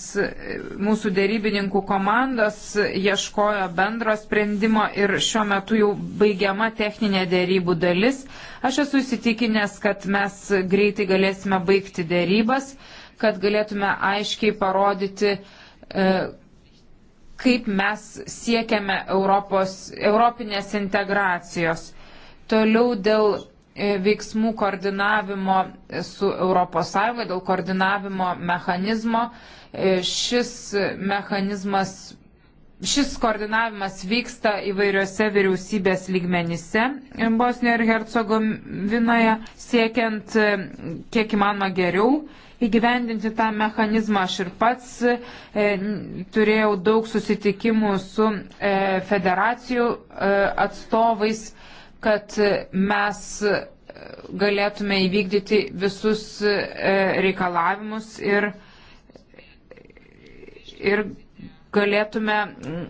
mūsų dėrybininkų komandos ieškojo bendro sprendimo ir šiuo metu jau baigiama techninė dėrybų dalis. Aš esu įsitikinęs, kad mes greitai galėsime baigti dėrybas, kad galėtume aiškiai parodyti, e, kaip mes siekiame Europos, europinės integracijos. Toliau dėl e, veiksmų koordinavimo su ES, dėl koordinavimo mechanizmo. E, šis mechanizmas, šis koordinavimas vyksta įvairiose vyriausybės lygmenyse Bosnijoje ir Hercegovinoje, siekiant e, kiek įmanoma geriau įgyvendinti tą mechanizmą. Aš ir pats e, turėjau daug susitikimų su e, federacijų e, atstovais, kad e, mes e, galėtume įvykdyti visus e, reikalavimus ir, ir galėtume mm,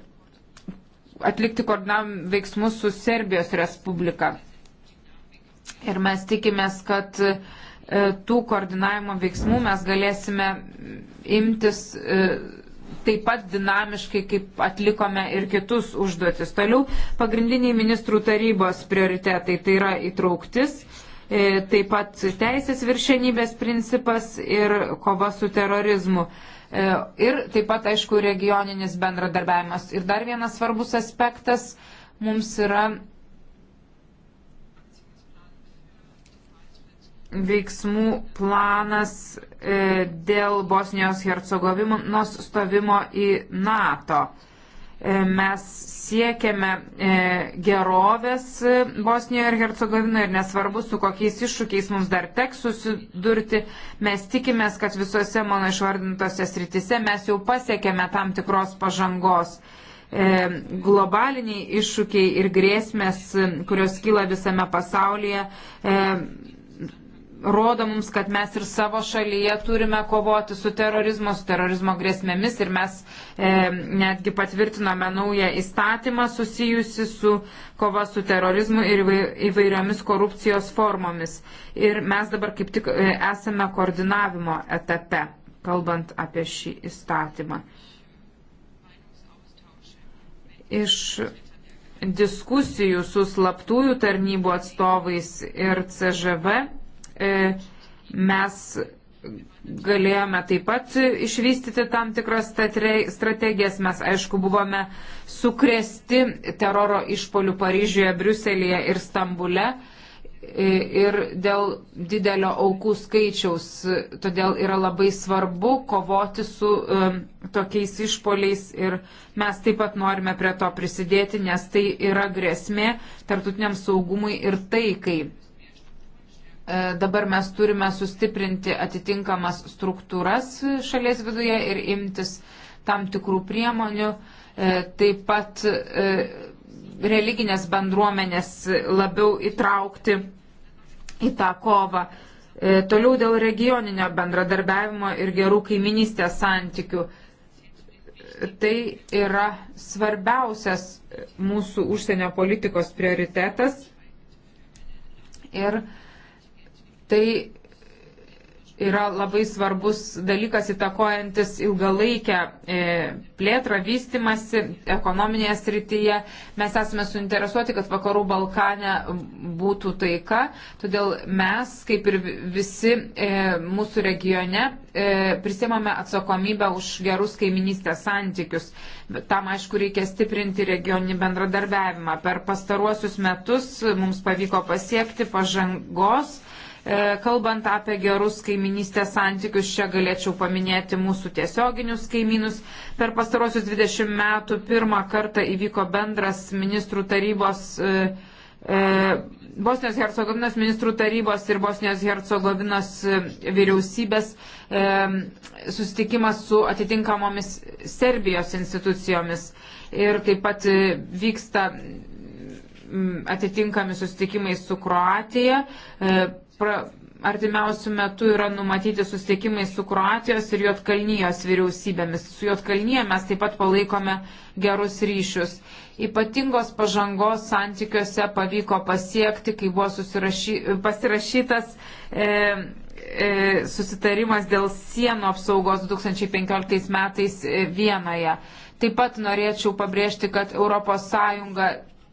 atlikti koordinavim veiksmus su Serbijos Respublika. Ir mes tikimės, kad E, tų koordinavimo veiksmų mes galėsime imtis e, taip pat dinamiškai, kaip atlikome ir kitus užduotis. Toliau pagrindiniai ministrų tarybos prioritetai tai yra įtrauktis, e, taip pat teisės viršenybės principas ir kova su terorizmu. Ir taip pat, aišku, regioninis bendradarbiavimas. Ir dar vienas svarbus aspektas mums yra veiksmų planas e, dėl Bosnijos Hercegovinos stovimo į NATO. E, mes siekiame e, gerovės Bosnijoje ir Hercegovinoje ir nesvarbu, su kokiais iššūkiais mums dar teks susidurti, mes tikimės, kad visose mano išvardintose sritise mes jau pasiekėme tam tikros pažangos e, globaliniai iššūkiai ir grėsmės, kurios kyla visame pasaulyje, e, rodo mums, kad mes ir savo šalyje turime kovoti su terorizmo, su terorizmo grėsmėmis ir mes e, netgi patvirtinome naują įstatymą susijusi su kova su terorizmu ir įvairiomis korupcijos formomis. Ir mes dabar kaip tik e, esame koordinavimo etape, kalbant apie šį įstatymą. Iš diskusijų su slaptųjų tarnybų atstovais ir CŽV E, mes galėjome taip pat išvystyti tam tikras strategijas. Mes, aišku, buvome sukresti teroro išpolių Paryžiuje, Briuselėje ir Stambule. E, ir dėl didelio aukų skaičiaus, todėl yra labai svarbu kovoti su um, tokiais išpoliais ir mes taip pat norime prie to prisidėti, nes tai yra grėsmė tartutiniam saugumui ir taikai. E, dabar mes turime sustiprinti atitinkamas struktūras šalies viduje ir imtis tam tikrų priemonių. E, taip pat e, religinės bendruomenės labiau įtraukti į tą kovą. Toliau dėl regioninio bendradarbiavimo ir gerų kaiminystės santykių. Tai yra svarbiausias mūsų užsienio politikos prioritetas. Ir uh, Tai yra labai svarbus dalykas įtakojantis ilgalaikę e, plėtrą, vystimasi ekonominėje srityje. Mes esame suinteresuoti, kad vakarų Balkane būtų taika, todėl mes, kaip ir visi e, mūsų regione, e, prisimame atsakomybę už gerus kaiminystės santykius. Tam, aišku, reikia stiprinti regioninį bendradarbiavimą. Per pastaruosius metus mums pavyko pasiekti pažangos E, kalbant apie gerus kaiminystės santykius, čia galėčiau paminėti mūsų tiesioginius kaimynus. Per pastarosius 20 metų pirmą kartą įvyko bendras ministrų tarybos, e, e Bosnijos Hercegovinos ministrų tarybos ir Bosnijos Hercegovinos e, vyriausybės e, susitikimas su atitinkamomis Serbijos institucijomis. Ir taip pat vyksta atitinkami susitikimai su Kroatija. E, pra, artimiausių metų yra numatyti susitikimai su Kroatijos ir Jotkalnyjos vyriausybėmis. Su Jotkalnyje mes taip pat palaikome gerus ryšius. Ypatingos pažangos santykiuose pavyko pasiekti, kai buvo susiraši, pasirašytas e, e, susitarimas dėl sienų apsaugos 2015 metais e, Vienoje. Taip pat norėčiau pabrėžti, kad ES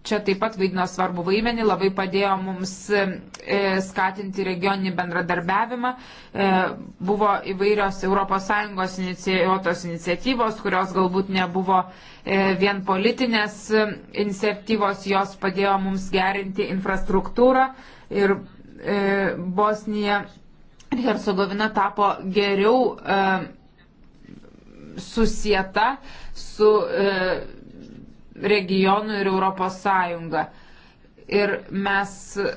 čia taip pat vaidino svarbu vaidmenį, labai padėjo mums e, e, skatinti regioninį bendradarbiavimą. E, buvo įvairios ES inicijuotos iniciatyvos, kurios galbūt nebuvo vien politinės iniciatyvos, jos padėjo mums gerinti infrastruktūrą ir Bosnija ir Hercegovina tapo geriau susieta su regionų ir Europos Sąjungą. Ir mes e,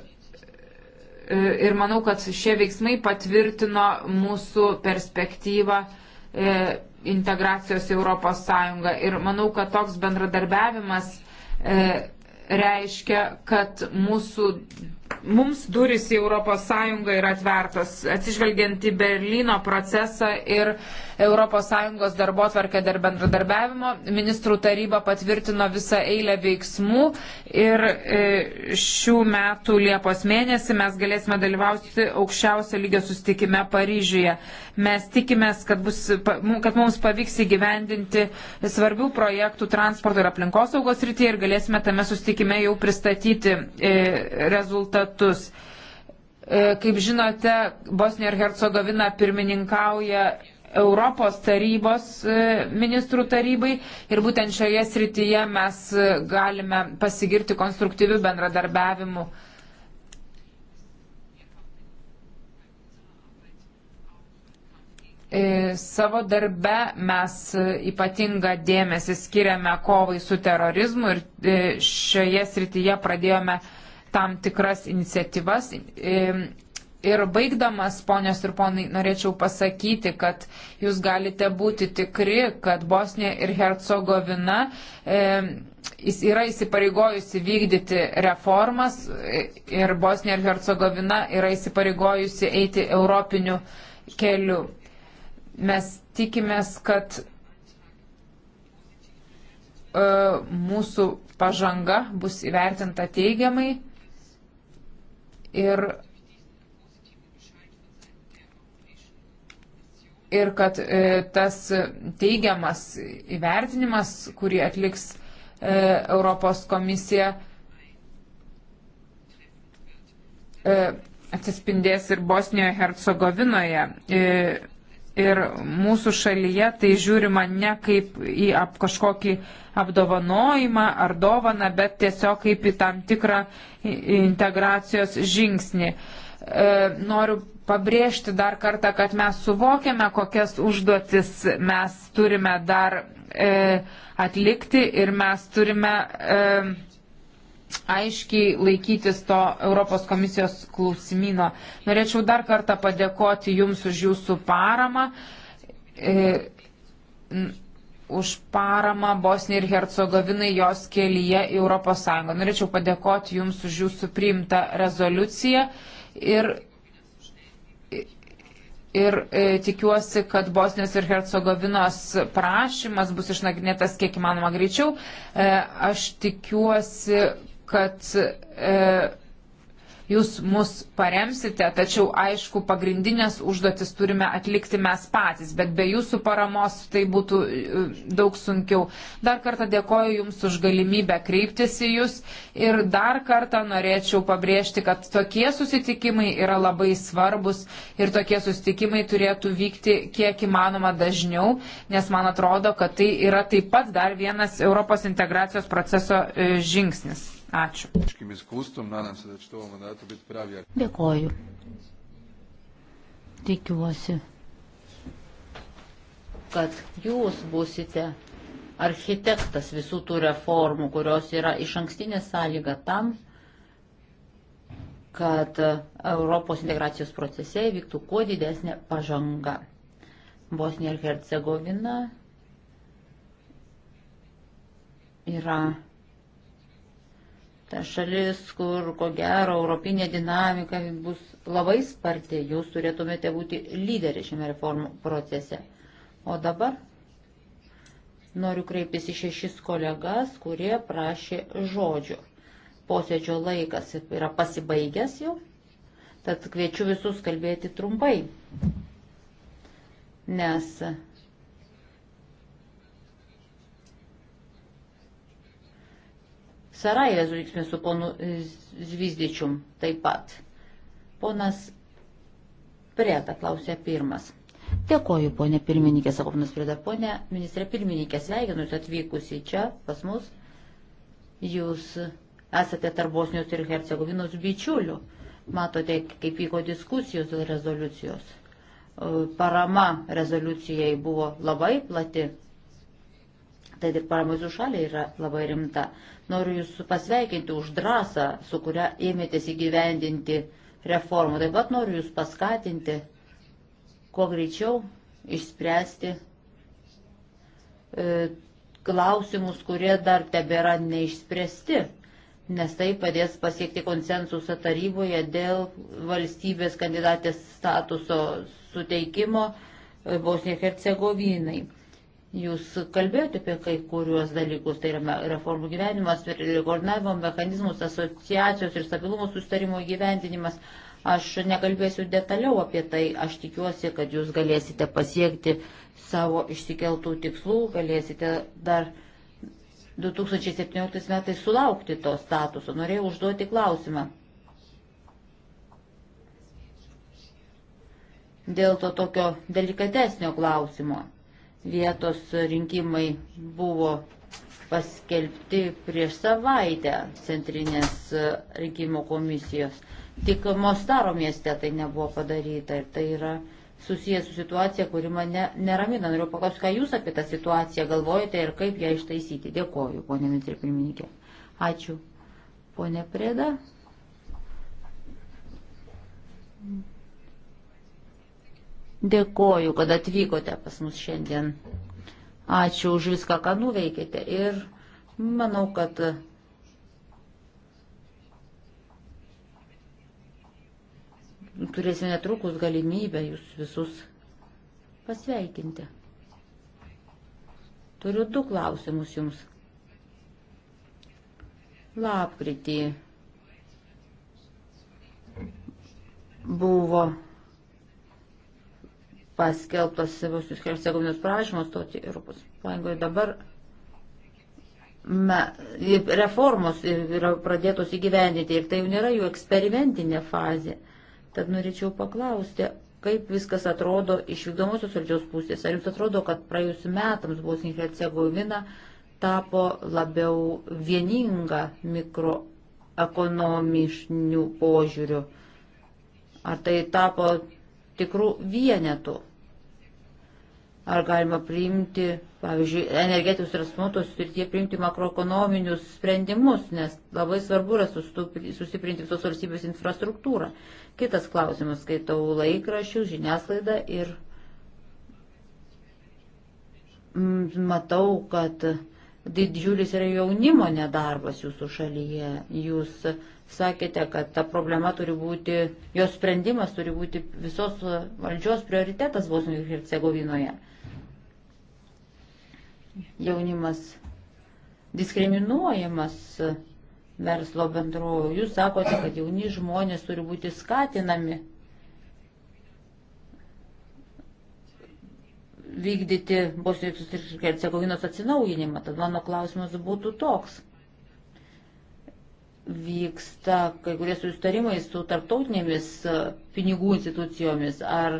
ir manau, kad šie veiksmai patvirtino mūsų perspektyvą e, integracijos Europos Sąjungą. Ir manau, kad toks bendradarbiavimas e, reiškia, kad mūsų, mums duris į Europos Sąjungą yra atvertos, atsižvelgiant į Berlyno procesą ir ES darbo tvarkę dar bendradarbiavimo. Ministrų taryba patvirtino visą eilę veiksmų ir e, šių metų Liepos mėnesį mes galėsime dalyvauti aukščiausio lygio sustikime Paryžiuje. Mes tikimės, kad, bus, kad mums pavyks įgyvendinti svarbių projektų transporto ir aplinkosaugos rytyje ir galėsime tame sustikime jau pristatyti e, rezultatus. E, kaip žinote, Bosnija ir Hercegovina pirmininkauja Europos tarybos e, ministrų tarybai ir būtent šioje srityje mes e, galime pasigirti konstruktyviu bendradarbiavimu. E, savo darbe mes ypatingą dėmesį skiriame kovai su terorizmu ir šioje srityje pradėjome tam tikras iniciatyvas. Ir baigdamas, ponios ir ponai, norėčiau pasakyti, kad jūs galite būti tikri, kad Bosnija ir Hercegovina e, yra įsipareigojusi vykdyti reformas e, ir Bosnija ir Hercegovina yra įsipareigojusi eiti europiniu keliu. Mes tikimės, kad e, mūsų pažanga bus įvertinta teigiamai ir ir kad e, tas teigiamas įvertinimas, kurį atliks e, Europos komisija, e, atsispindės ir Bosnijoje Hercegovinoje. Ir mūsų šalyje tai žiūrima ne kaip į ap, kažkokį apdovanojimą ar dovaną, bet tiesiog kaip į tam tikrą integracijos žingsnį. E, noriu pabrėžti dar kartą, kad mes suvokiame, kokias užduotis mes turime dar e, atlikti ir mes turime e, aiškiai laikytis to Europos komisijos klausimino. Norėčiau dar kartą padėkoti Jums už Jūsų paramą. E, už paramą Bosniai ir Hercegovinai jos kelyje į ES. Norėčiau padėkoti Jums už Jūsų priimtą rezoliuciją ir ir e, tikiuosi, kad Bosnijos ir Hercegovinos prašymas bus išnagrinėtas kiek įmanoma greičiau. E, aš tikiuosi, kad e, jūs mus paremsite, tačiau aišku, pagrindinės užduotis turime atlikti mes patys, bet be jūsų paramos tai būtų e, daug sunkiau. Dar kartą dėkoju Jums už galimybę kreiptis į Jūs ir dar kartą norėčiau pabrėžti, kad tokie susitikimai yra labai svarbus ir tokie susitikimai turėtų vykti kiek įmanoma dažniau, nes man atrodo, kad tai yra taip pat dar vienas Europos integracijos proceso e, žingsnis. Ačiū. Dėkoju. Tikiuosi, kad jūs busite architektas visų tų reformų, kurios yra iš ankstinė sąlyga tam, kad Europos integracijos procese įvyktų kuo didesnė pažanga. Bosnija ir Hercegovina yra ta šalis, kur ko gero europinė dinamika bus labai sparti, jūs turėtumėte būti lyderi šiame reformų procese. O dabar noriu kreiptis į šešis kolegas, kurie prašė žodžio. Posėdžio laikas yra pasibaigęs jau, tad kviečiu visus kalbėti trumpai, nes Sarajeve vyksime su ponu Zvizdičium taip pat. Ponas Preta klausė pirmas. Dėkoju, ponė pirmininkė, sako ponas Preta. Ponė ministrė pirmininkė, sveikinu jūs atvykusi čia pas mus. Jūs esate tarp Bosnijos ir Hercegovinos bičiulių. Matote, kaip vyko diskusijos dėl rezoliucijos. E, parama rezoliucijai buvo labai plati. Tai ir parama jūsų šaliai yra labai rimta. Noriu Jūs pasveikinti už drąsą, su kuria ėmėtės įgyvendinti reformų. Taip pat noriu Jūs paskatinti, kuo greičiau išspręsti e, klausimus, kurie dar tebėra neišspręsti, nes tai padės pasiekti konsensusą taryboje dėl valstybės kandidatės statuso suteikimo e, Bosnijai Hercegovinai. Jūs kalbėjote apie kai kuriuos dalykus, tai yra reformų gyvenimas, koordinavimo mechanizmus, asociacijos ir stabilumo sustarimo gyvendinimas. Aš nekalbėsiu detaliau apie tai, aš tikiuosi, kad jūs galėsite pasiekti savo išsikeltų tikslų, galėsite dar 2017 metais sulaukti to statuso. Norėjau užduoti klausimą. Dėl to tokio delikatesnio klausimo. Vietos rinkimai buvo paskelbti prieš savaitę Centrinės rinkimo komisijos. Tik Mostaro mieste tai nebuvo padaryta ir tai yra susijęs su situacija, kuri mane neramina. Noriu paklausti, ką Jūs apie tą situaciją galvojate ir kaip ją ištaisyti. Dėkoju, ponė ministrė pirmininkė. Ačiū. Pone Preda. Dėkoju, kad atvykote pas mus šiandien. Ačiū už viską, ką nuveikėte. Ir manau, kad turėsime netrukus galimybę jūs visus pasveikinti. Turiu du klausimus jums. Lapkritį buvo paskelbtas Bosnijos Hercegovinos prašymas stoti Europos Sąjungoje. Dabar me, reformos yra pradėtos įgyvendinti ir tai jau nėra jų eksperimentinė fazė. Tad norėčiau paklausti, kaip viskas atrodo iš vykdomosios valdžios pusės. Ar jums atrodo, kad praėjus metams Bosnija Hercegovina tapo labiau vieninga mikroekonomišnių požiūrių? Ar tai tapo tikrų vienetų. Ar galima priimti, pavyzdžiui, energetikos transmuotos srityje priimti makroekonominius sprendimus, nes labai svarbu yra sustiprinti visos valstybės infrastruktūrą. Kitas klausimas, skaitau laikrašius, žiniasklaidą ir mm, matau, kad didžiulis yra jaunimo nedarbas jūsų šalyje. Jūs sakėte, kad ta problema turi būti, jos sprendimas turi būti visos valdžios prioritetas Bosnijoje ir Hercegovinoje. Jaunimas diskriminuojamas verslo bendrovų. Jūs sakote, kad jauni žmonės turi būti skatinami vykdyti Bosnijos ir Hercegovinos atsinaujinimą. Tad mano klausimas būtų toks vyksta kai kurie sustarimai su tarptautinėmis e, pinigų institucijomis, ar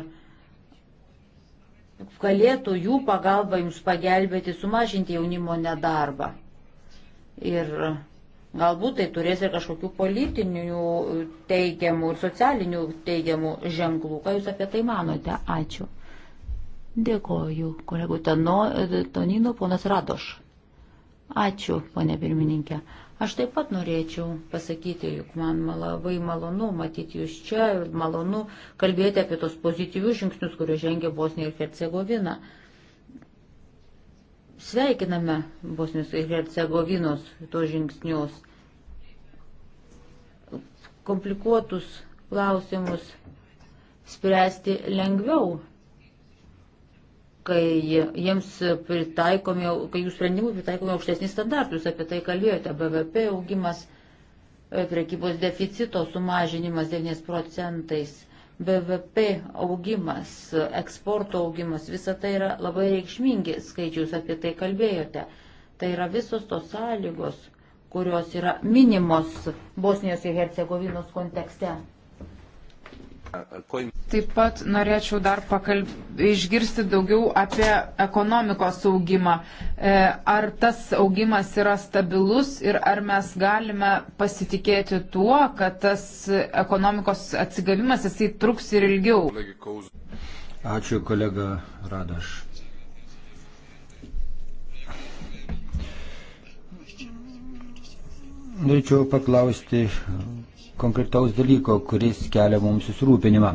galėtų jų pagalba jums pagelbėti sumažinti jaunimo nedarbą. Ir galbūt tai turės ir kažkokių politinių teigiamų ir socialinių teigiamų ženklų. Ką jūs apie tai manote? Ačiū. Dėkoju, kolegų Tonino, ponas Radoš. Ačiū, ponė pirmininkė. Aš taip pat norėčiau pasakyti, juk man labai malonu matyti jūs čia, malonu kalbėti apie tos pozityvius žingsnius, kurie žengia Bosnija ir Hercegovina. Sveikiname Bosnijos ir Hercegovinos tos žingsnius. Komplikuotus klausimus spręsti lengviau kai jiems pritaikomi, kai jų sprendimų pritaikomi aukštesni standartus, apie tai kalbėjote, BVP augimas, e, prekybos deficito sumažinimas 9 procentais, BVP augimas, eksporto augimas, visa tai yra labai reikšmingi skaičius, apie tai kalbėjote. Tai yra visos tos sąlygos, kurios yra minimos Bosnijos ir Hercegovinos kontekste. Taip pat norėčiau dar pakalb... išgirsti daugiau apie ekonomikos augimą. E, ar tas augimas yra stabilus ir ar mes galime pasitikėti tuo, kad tas ekonomikos atsigavimas jisai truks ir ilgiau? Ačiū kolega Radaš. Norėčiau paklausti konkretaus dalyko, kuris kelia mums susirūpinimą.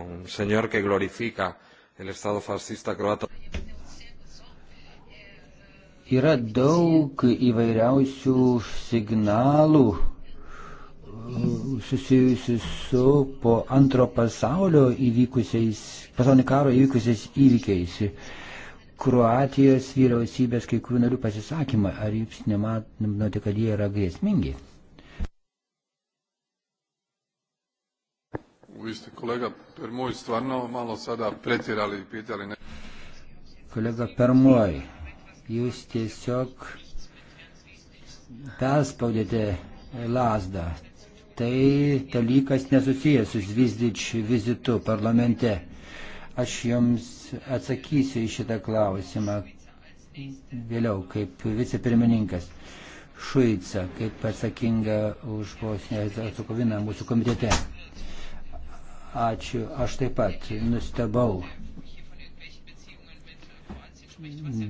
Un señor que glorifica el Estado fascista croata. Yra daug įvairiausių signalų susijusi su po antro pasaulio įvykusiais, pasaulinio karo įvykusiais įvykiais. Kroatijos vyriausybės kai kurių narių pasisakymą, ar jūs nematote, kad jie yra grėsmingi? Vi ste kolega Permuj stvarno malo sada pretirali i pitali. Ne... Kolega Permuj, jūs tiesiog perspaudėte lasdą tai dalykas nesusijęs su Zvizdič vizitu parlamente. Aš jums atsakysiu į šitą klausimą vėliau kaip vicepirmininkas Šuica, kaip atsakinga už Bosniją Hercegoviną mūsų komitete. Ačiū, aš taip pat nustebau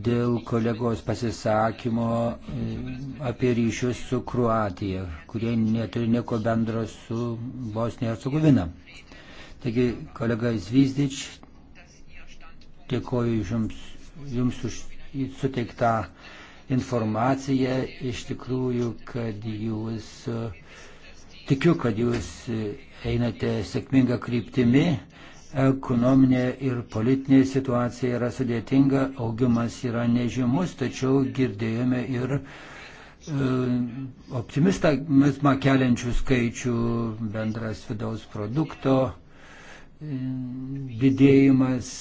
dėl kolegos pasisakymo e, apie ryšius su Kruatija, kurie neturi nieko bendro su Bosnija ir Sugovina. Taigi, kolega Zvizdič, dėkoju jums, jums už suteiktą informaciją. Iš tikrųjų, kad jūs, tikiu, kad jūs einate sėkmingą kryptimį ekonominė ir politinė situacija yra sudėtinga, augimas yra nežymus, tačiau girdėjome ir e, optimistą keliančių skaičių, bendras vidaus produkto e, didėjimas.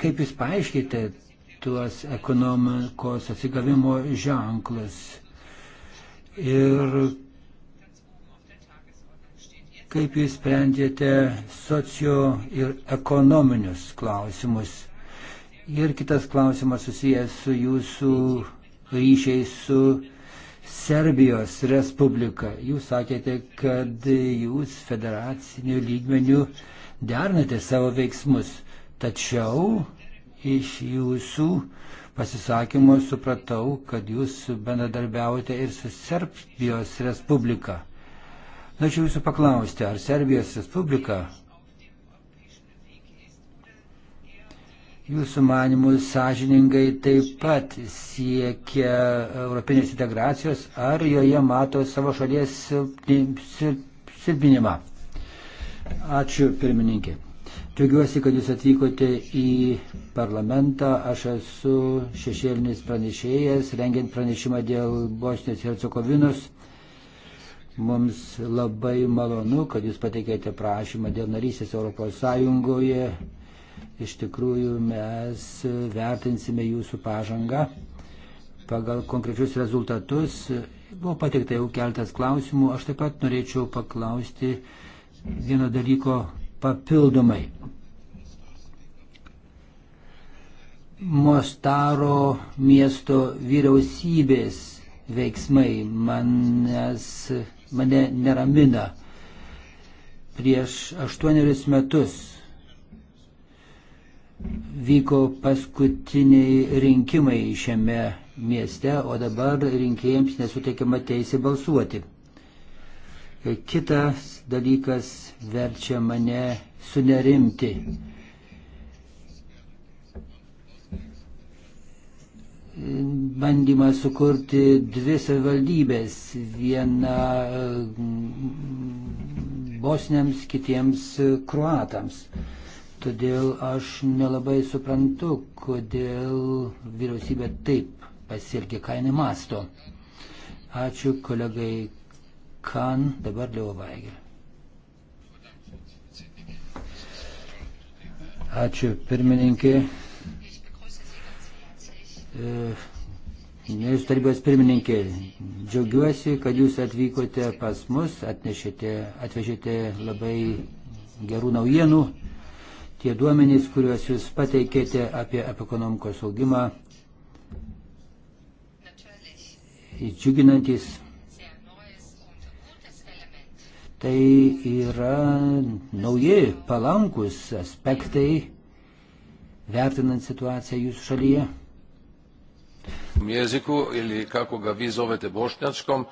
Kaip Jūs paaiškite tuos ekonomikos atsigavimo ženklus ir kaip jūs sprendžiate socio ir ekonominius klausimus. Ir kitas klausimas susijęs su jūsų ryšiais su Serbijos Respublika. Jūs sakėte, kad jūs federaciniu lygmeniu dernate savo veiksmus. Tačiau iš jūsų pasisakymo supratau, kad jūs bendradarbiavote ir su Serbijos Respublika. Norėčiau jūsų paklausti, ar Serbijos Respublika jūsų manimų sąžiningai taip pat siekia europinės integracijos, ar joje mato savo šalies silpinimą? Ačiū pirmininkė. Džiaugiuosi, kad jūs atvykote į parlamentą. Aš esu šešėlinis pranešėjas, rengiant pranešimą dėl Bosnijos ir Hercegovinos. Mums labai malonu, kad jūs pateikėte prašymą dėl narysės Europos Sąjungoje. Iš tikrųjų, mes vertinsime jūsų pažangą pagal konkrečius rezultatus. Buvo pateikta jau keltas klausimų. Aš taip pat norėčiau paklausti vieno dalyko papildomai. Mostaro miesto vyriausybės veiksmai manęs mane neramina. Prieš aštuonerius metus vyko paskutiniai rinkimai šiame mieste, o dabar rinkėjams nesuteikiama teisė balsuoti. Kitas dalykas verčia mane sunerimti bandymą sukurti dvi savivaldybės, vieną mm, bosniams, kitiems kruatams. Todėl aš nelabai suprantu, kodėl vyriausybė taip pasielgė, ką jinai masto. Ačiū kolegai Kan, dabar Leo Vaigel. Ačiū pirmininkė. E, Ministrų tarybos pirmininkė, džiaugiuosi, kad jūs atvykote pas mus, atnešėte, atvežėte labai gerų naujienų. Tie duomenys, kuriuos jūs pateikėte apie ekonomikos augimą, džiuginantis. Tai yra nauji palankus aspektai vertinant situaciją jūsų šalyje. Mm jeziku ili kako ga vi zovete bošnjačkom.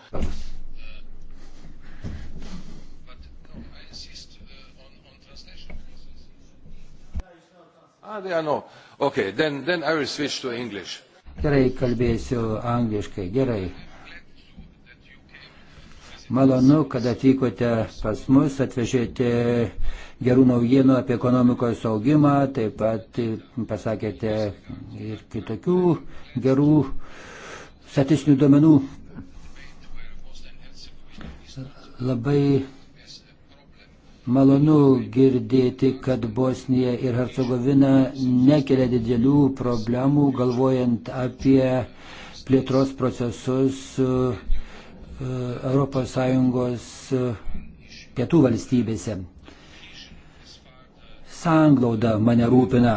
Ah, they are no. Okay, then, then I will switch to English. Gerai, kalbėsiu angliškai. Gerai. Malonu, kad atvykote pas mus, atvežėte uh, gerų naujienų apie ekonomikos augimą, taip pat pasakėte ir kitokių gerų statistinių duomenų. Labai malonu girdėti, kad Bosnija ir Hercegovina nekelia didelių problemų, galvojant apie plėtros procesus uh, ES uh, pietų valstybėse sanglauda mane rūpina.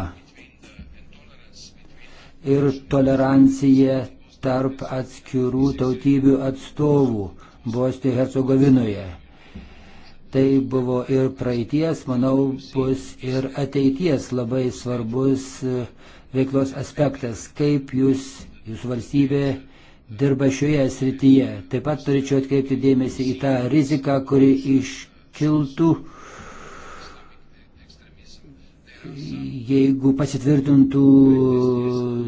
Ir tolerancija tarp atskirų tautybių atstovų Bosnijoje Hercegovinoje. Tai buvo ir praeities, manau, bus ir ateities labai svarbus e, veiklos aspektas, kaip jūs, jūsų valstybė dirba šioje srityje. Taip pat turėčiau atkreipti dėmesį į tą riziką, kuri iškiltų uh, jeigu pasitvirtintų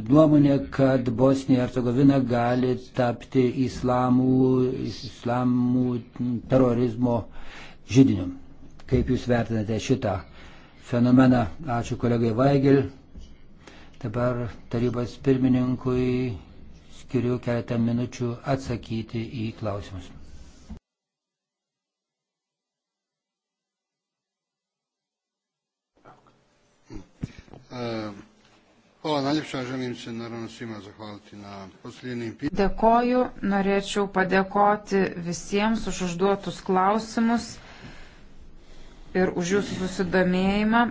nuomonė, kad Bosnija ir Hercegovina gali tapti islamų, islamų terorizmo žydiniu. Kaip Jūs vertinate šitą fenomeną? Ačiū kolegai Vaigel. Dabar tarybos pirmininkui skiriu keletą minučių atsakyti į klausimus. E, hvala najljepša, želim se naravno svima zahvaliti na posljednim pitanjima. Dėkoju, norėčiau padėkoti visiems už užduotus klausimus ir už jūsų susidomėjimą.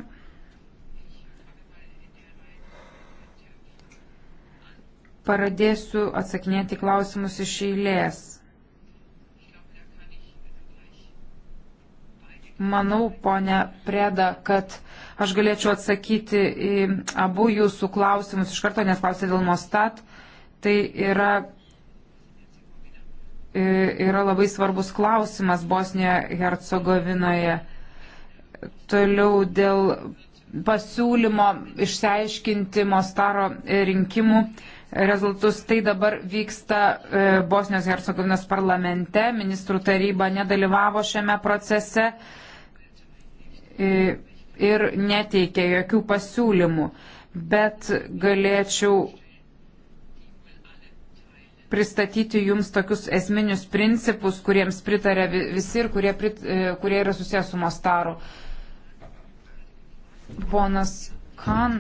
Paradėsiu atsakinėti klausimus iš eilės. Manau, ponia Preda, kad aš galėčiau atsakyti į abu jūsų klausimus iš karto, nes klausė dėl Mostat. Tai yra, yra labai svarbus klausimas Bosnijoje, Hercegovinoje. Toliau dėl pasiūlymo išsiaiškinti Mostaro rinkimų rezultatus. Tai dabar vyksta e, Bosnijos Hercegovinos parlamente, ministrų taryba nedalyvavo šiame procese. E, ir neteikė jokių pasiūlymų, bet galėčiau pristatyti jums tokius esminius principus, kuriems pritarė visi ir kurie, prit, e, kurie yra susijęs su Mostaru. Ponas Kan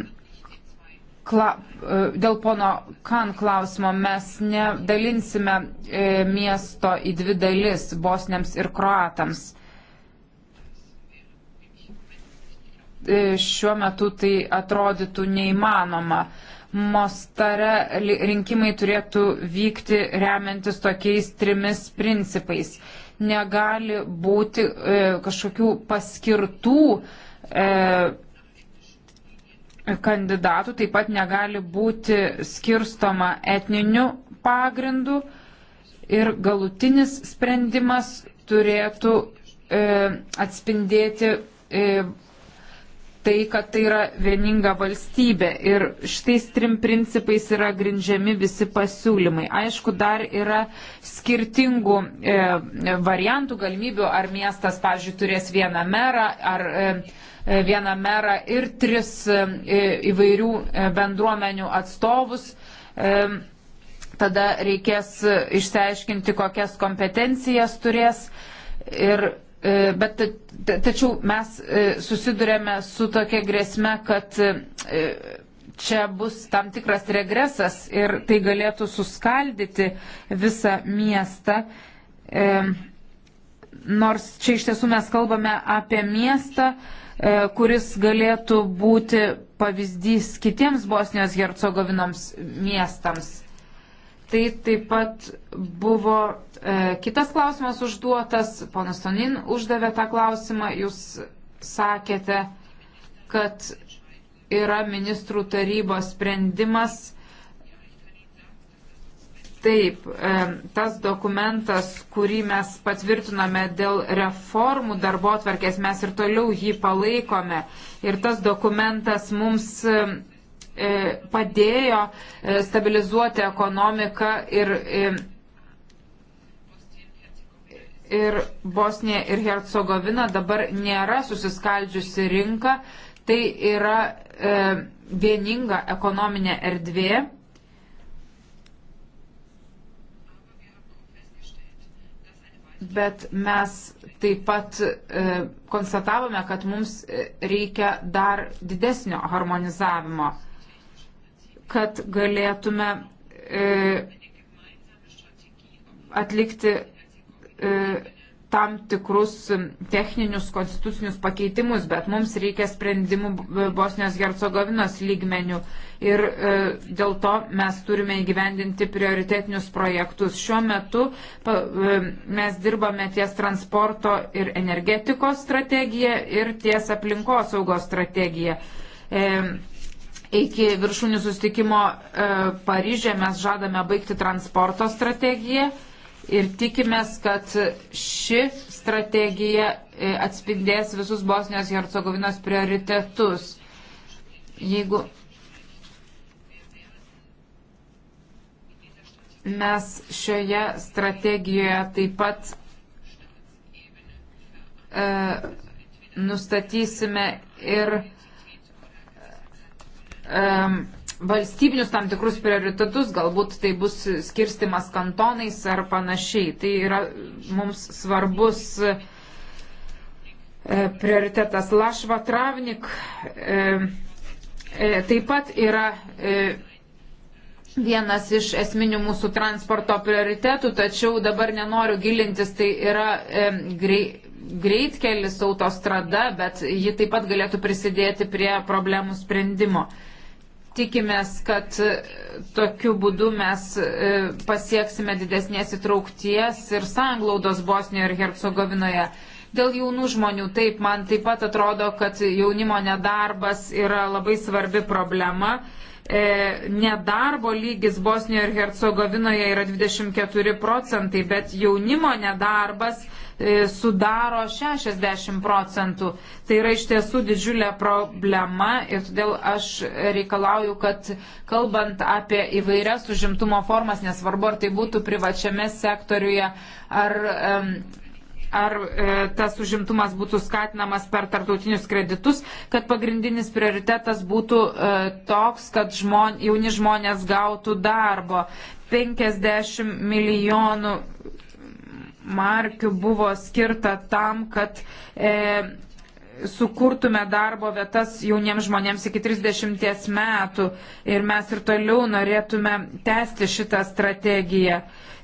kla, e, dėl pono Kan klausimo mes nedalinsime miesto į dvi dalis bosniams ir kroatams. E, šiuo metu tai atrodytų neįmanoma. Mostare rinkimai turėtų vykti remiantis tokiais trimis principais. Negali būti e, kažkokių paskirtų e, kandidatų, taip pat negali būti skirstoma etniniu pagrindu ir galutinis sprendimas turėtų e, atspindėti e, tai, kad tai yra vieninga valstybė ir šitais trim principais yra grindžiami visi pasiūlymai. Aišku, dar yra skirtingų e, variantų, galimybių, ar miestas, pavyzdžiui, turės vieną merą, ar e, e vieną merą ir tris e, e įvairių e, bendruomenių atstovus. E, Tada reikės išsiaiškinti, kokias kompetencijas turės ir E, bet tačiau mes e, susidurėme su tokia grėsme, kad e, čia bus tam tikras regresas ir tai galėtų suskaldyti visą miestą. E, nors čia iš tiesų mes kalbame apie miestą, e, kuris galėtų būti pavyzdys kitiems Bosnijos Hercegovinoms miestams. Tai taip pat buvo e, kitas klausimas užduotas, ponas Tonin uždavė tą klausimą, jūs sakėte, kad yra ministrų tarybos sprendimas. Taip, e, tas dokumentas, kurį mes patvirtiname dėl reformų darbo atvarkės, mes ir toliau jį palaikome. Ir tas dokumentas mums. E, E, padėjo e, stabilizuoti ekonomiką ir, e, ir Bosnija ir Hercegovina dabar nėra susiskaldžiusi rinka, tai yra vieninga ekonominė erdvė. Bet mes taip pat e, konstatavome, kad mums reikia dar didesnio harmonizavimo. E, kad galėtume e, atlikti e, tam tikrus techninius konstitucinius pakeitimus, bet mums reikia sprendimų Bosnijos Hercegovinos lygmenių ir e, dėl to mes turime įgyvendinti prioritetinius projektus. Šiuo metu pa, e, mes dirbame ties transporto ir energetikos strategija ir ties aplinkosaugos strategija. E, Iki viršūnių sustikimo e, Paryžė mes žadame baigti transporto strategiją ir tikimės, kad ši strategija e, atspindės visus Bosnijos Hercegovinos prioritetus. Jeigu mes šioje strategijoje taip pat e, nustatysime ir e, um, valstybinius tam tikrus prioritetus, galbūt tai bus skirstimas kantonais ar panašiai. Tai yra mums svarbus e, prioritetas. Lašva Travnik e, e, taip pat yra e, vienas iš esminių mūsų transporto prioritetų, tačiau dabar nenoriu gilintis, tai yra e, grei, greitkelis autostrada, bet ji taip pat galėtų prisidėti prie problemų sprendimo. E, Tikimės, kad e, tokiu būdu mes e, pasieksime didesnės įtraukties ir sanglaudos Bosnijoje ir Hercegovinoje. Dėl jaunų žmonių, taip, man taip pat atrodo, kad jaunimo nedarbas yra labai svarbi problema. E, nedarbo lygis Bosnijoje ir Hercegovinoje yra 24 procentai, bet jaunimo nedarbas E, sudaro 60 procentų. Tai yra iš tiesų didžiulė problema ir todėl aš reikalauju, kad kalbant apie įvairias užimtumo formas, nesvarbu ar tai būtų privačiame sektoriuje ar. Ar e, tas užimtumas būtų skatinamas per tartautinius kreditus, kad pagrindinis prioritetas būtų e, toks, kad žmon, jauni žmonės gautų darbo. 50 milijonų markių buvo skirta tam, kad e, sukurtume darbo vietas jauniems žmonėms iki 30 metų ir mes ir toliau norėtume tęsti šitą strategiją.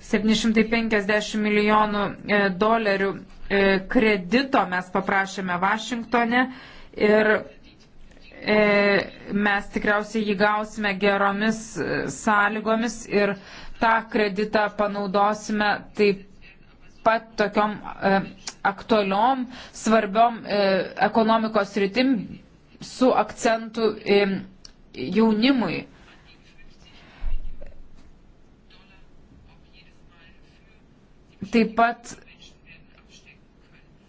750 milijonų e, dolerių e, kredito mes paprašėme Vašingtone ir e, mes tikriausiai jį gausime geromis sąlygomis ir tą kreditą panaudosime taip pat tokiom e, aktualiom, svarbiom e, ekonomikos rytim su akcentu e, jaunimui. Taip pat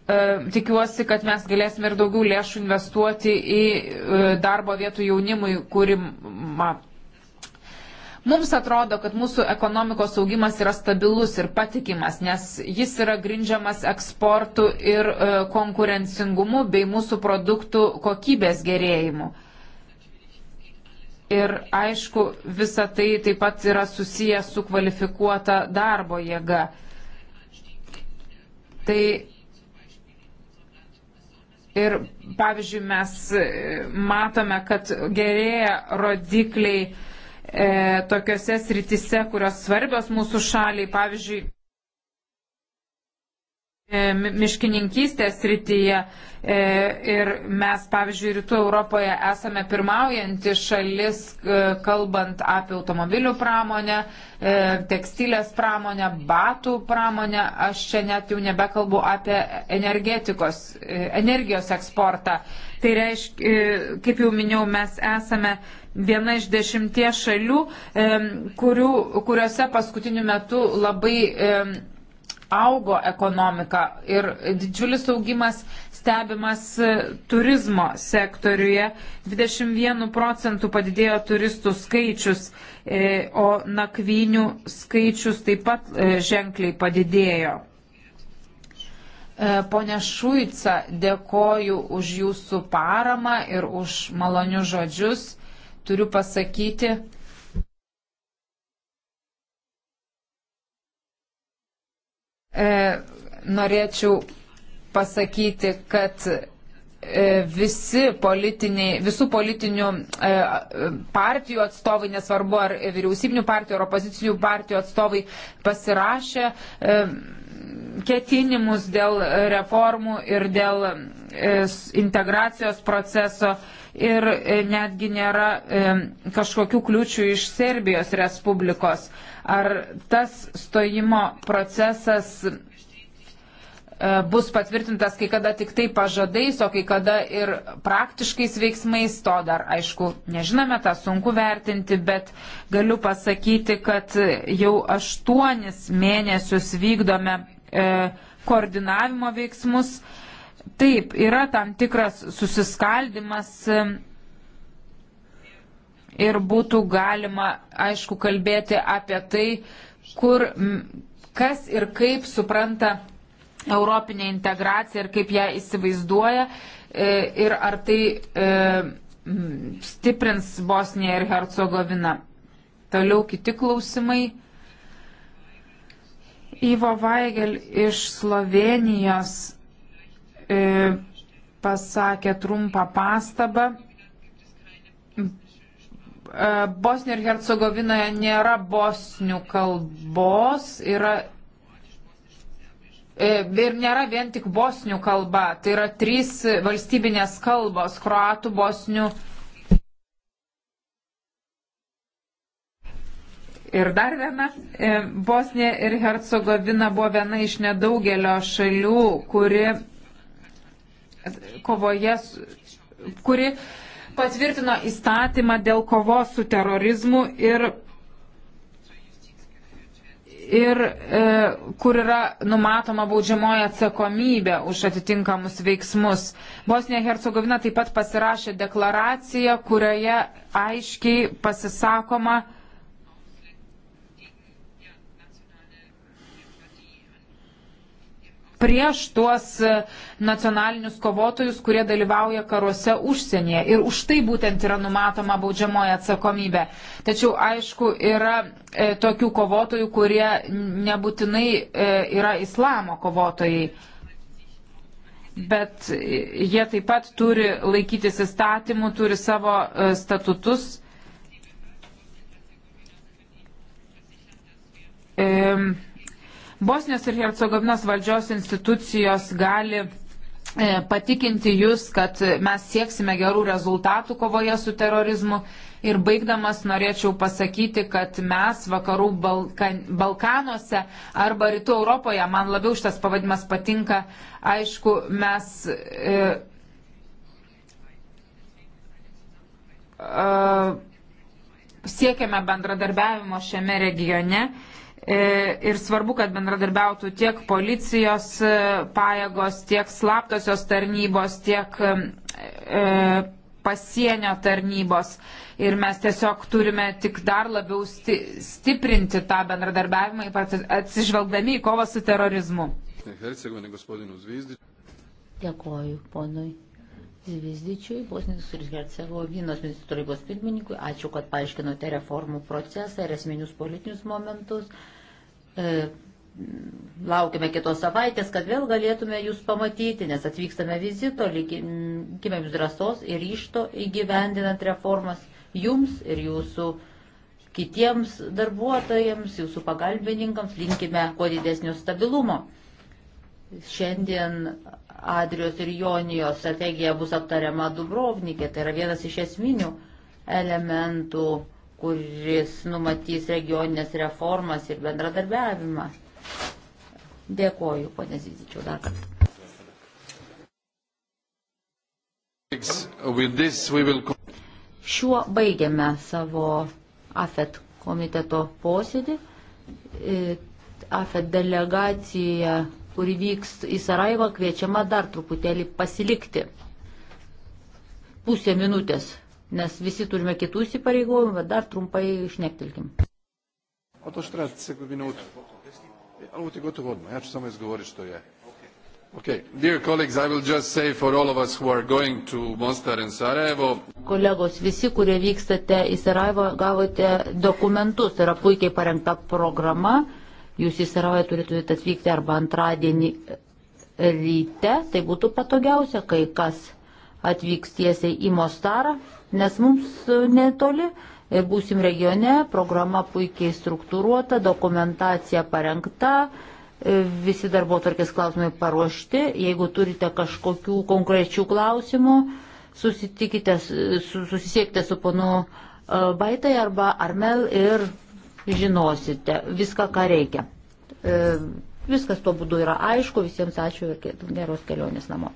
e, tikiuosi, kad mes galėsime ir daugiau lėšų investuoti į e, darbo vietų jaunimui kūrimą. Mums atrodo, kad mūsų ekonomikos augimas yra stabilus ir patikimas, nes jis yra grindžiamas eksportu ir e, konkurencingumu bei mūsų produktų kokybės gerėjimu. Ir aišku, visa tai taip pat yra susiję su kvalifikuota darbo jėga. Tai Ir pavyzdžiui, mes e, matome, kad gerėja rodikliai e, tokiuose sritise, kurios svarbios mūsų šaliai, pavyzdžiui, e, miškininkystės srityje e, ir mes, pavyzdžiui, Rytų Europoje esame pirmaujanti šalis, e, kalbant apie automobilių pramonę, tekstilės pramonę, batų pramonę, aš čia net jau nebekalbu apie energetikos, energijos eksportą. Tai reiškia, kaip jau minėjau, mes esame viena iš dešimties šalių, kurių, kuriuose paskutiniu metu labai augo ekonomika ir didžiulis augimas stebimas e, turizmo sektoriuje. 21 procentų padidėjo turistų skaičius, e, o nakvynių skaičius taip pat e, ženkliai padidėjo. Pone Šuica, dėkoju už jūsų paramą ir už malonius žodžius turiu pasakyti, e, norėčiau pasakyti, kad e, visi politiniai, visų politinių e, partijų atstovai, nesvarbu ar vyriausybinių partijų ar opozicinių partijų atstovai, pasirašė e, ketinimus dėl reformų ir dėl integracijos proceso ir e, netgi nėra e, kažkokių kliūčių iš Serbijos Respublikos. Ar tas stojimo procesas e, bus patvirtintas kai kada tik tai pažadais, o kai kada ir praktiškais veiksmais, to dar aišku nežinome, tą sunku vertinti, bet galiu pasakyti, kad jau aštuonis mėnesius vykdome koordinavimo veiksmus Taip, yra tam tikras susiskaldimas ir būtų galima, aišku, kalbėti apie tai, kur, kas ir kaip supranta europinė integracija ir kaip ją įsivaizduoja e, ir ar tai e, stiprins Bosniją ir Hercegoviną. Toliau kiti klausimai. Ivo Vaigel iš Slovenijos E, pasakė trumpą pastabą. E, bosnių ir Hercegovinoje nėra bosnių kalbos, yra e, ir nėra vien tik bosnių kalba, tai yra trys valstybinės kalbos - kroatų, bosnių. Ir dar viena, Bosnija ir Hercegovina buvo viena iš nedaugelio šalių, kuri kovoje, kuri patvirtino įstatymą dėl kovos su terorizmu ir ir e, kur yra numatoma baudžiamoji atsakomybė už atitinkamus veiksmus. Bosnija Hercegovina taip pat pasirašė deklaraciją, kurioje aiškiai pasisakoma prieš tuos e, nacionalinius kovotojus, kurie dalyvauja karuose užsienyje. Ir už tai būtent yra numatoma baudžiamoji atsakomybė. Tačiau, aišku, yra e, tokių kovotojų, kurie nebūtinai e, yra islamo kovotojai. Bet e, jie taip pat turi laikytis įstatymų, turi savo e, statutus. E, Bosnijos ir Hercegovinos valdžios institucijos gali e, patikinti jūs, kad mes sieksime gerų rezultatų kovoje su terorizmu. Ir baigdamas norėčiau pasakyti, kad mes vakarų Balkan, Balkanuose arba rytų Europoje, man labiau šitas pavadimas patinka, aišku, mes. E, e, siekiame bendradarbiavimo šiame regione E, ir svarbu, kad bendradarbiautų tiek policijos e, pajėgos, tiek slaptosios tarnybos, tiek e, pasienio tarnybos. Ir mes tiesiog turime tik dar labiau sti stiprinti tą bendradarbiavimą, ypač atsižvelgdami į kovą su terorizmu. Dėkoju ponui Zvizdičiui, Bosnijos ir Hercegovinos ministrų tarybos pirmininkui. Ačiū, kad paaiškinote reformų procesą ir esminius politinius momentus. E, laukiame kitos savaitės, kad vėl galėtume jūs pamatyti, nes atvykstame vizito, likime jums drąsos ir išto įgyvendinant reformas jums ir jūsų kitiems darbuotojams, jūsų pagalbininkams linkime kuo didesnio stabilumo. Šiandien Adrios ir Jonijos strategija bus aptariama Dubrovnikė, tai yra vienas iš esminių elementų kuris numatys regioninės reformas ir bendradarbiavimą. Dėkoju, ponė Zizičiau, dar kartą. Šiuo baigiame savo AFET komiteto posėdį. E, AFET delegacija, kuri vyks į Saraivą, kviečiama dar truputėlį pasilikti. Pusė minutės nes visi turime kitų įsipareigojimų, bet dar trumpai išnektilkim. O to štrati sekund minutu. A ovo ti gotovo odmah, ja ću samo izgovoriti što je. Okay, dear colleagues, I will just say for all of us who are going to Mostar and Sarajevo. Kolegos, visi, kurie vykstate į Sarajevą, gavote dokumentus, tai yra puikiai parengta programa. Jūs į Sarajevą turėtumėte atvykti arba antradienį ryte, tai būtų patogiausia, kai kas atvyks tiesiai į Mostarą nes mums e, netoli būsim regione, programa puikiai struktūruota, dokumentacija parengta, e, visi darbo tvarkės klausimai paruošti. Jeigu turite kažkokių konkrečių klausimų, susisiekite su panu e, Baitai arba Armel ir žinosite viską, ką reikia. Viskas tuo būdu yra aišku, visiems ačiū ir geros kelionės namo.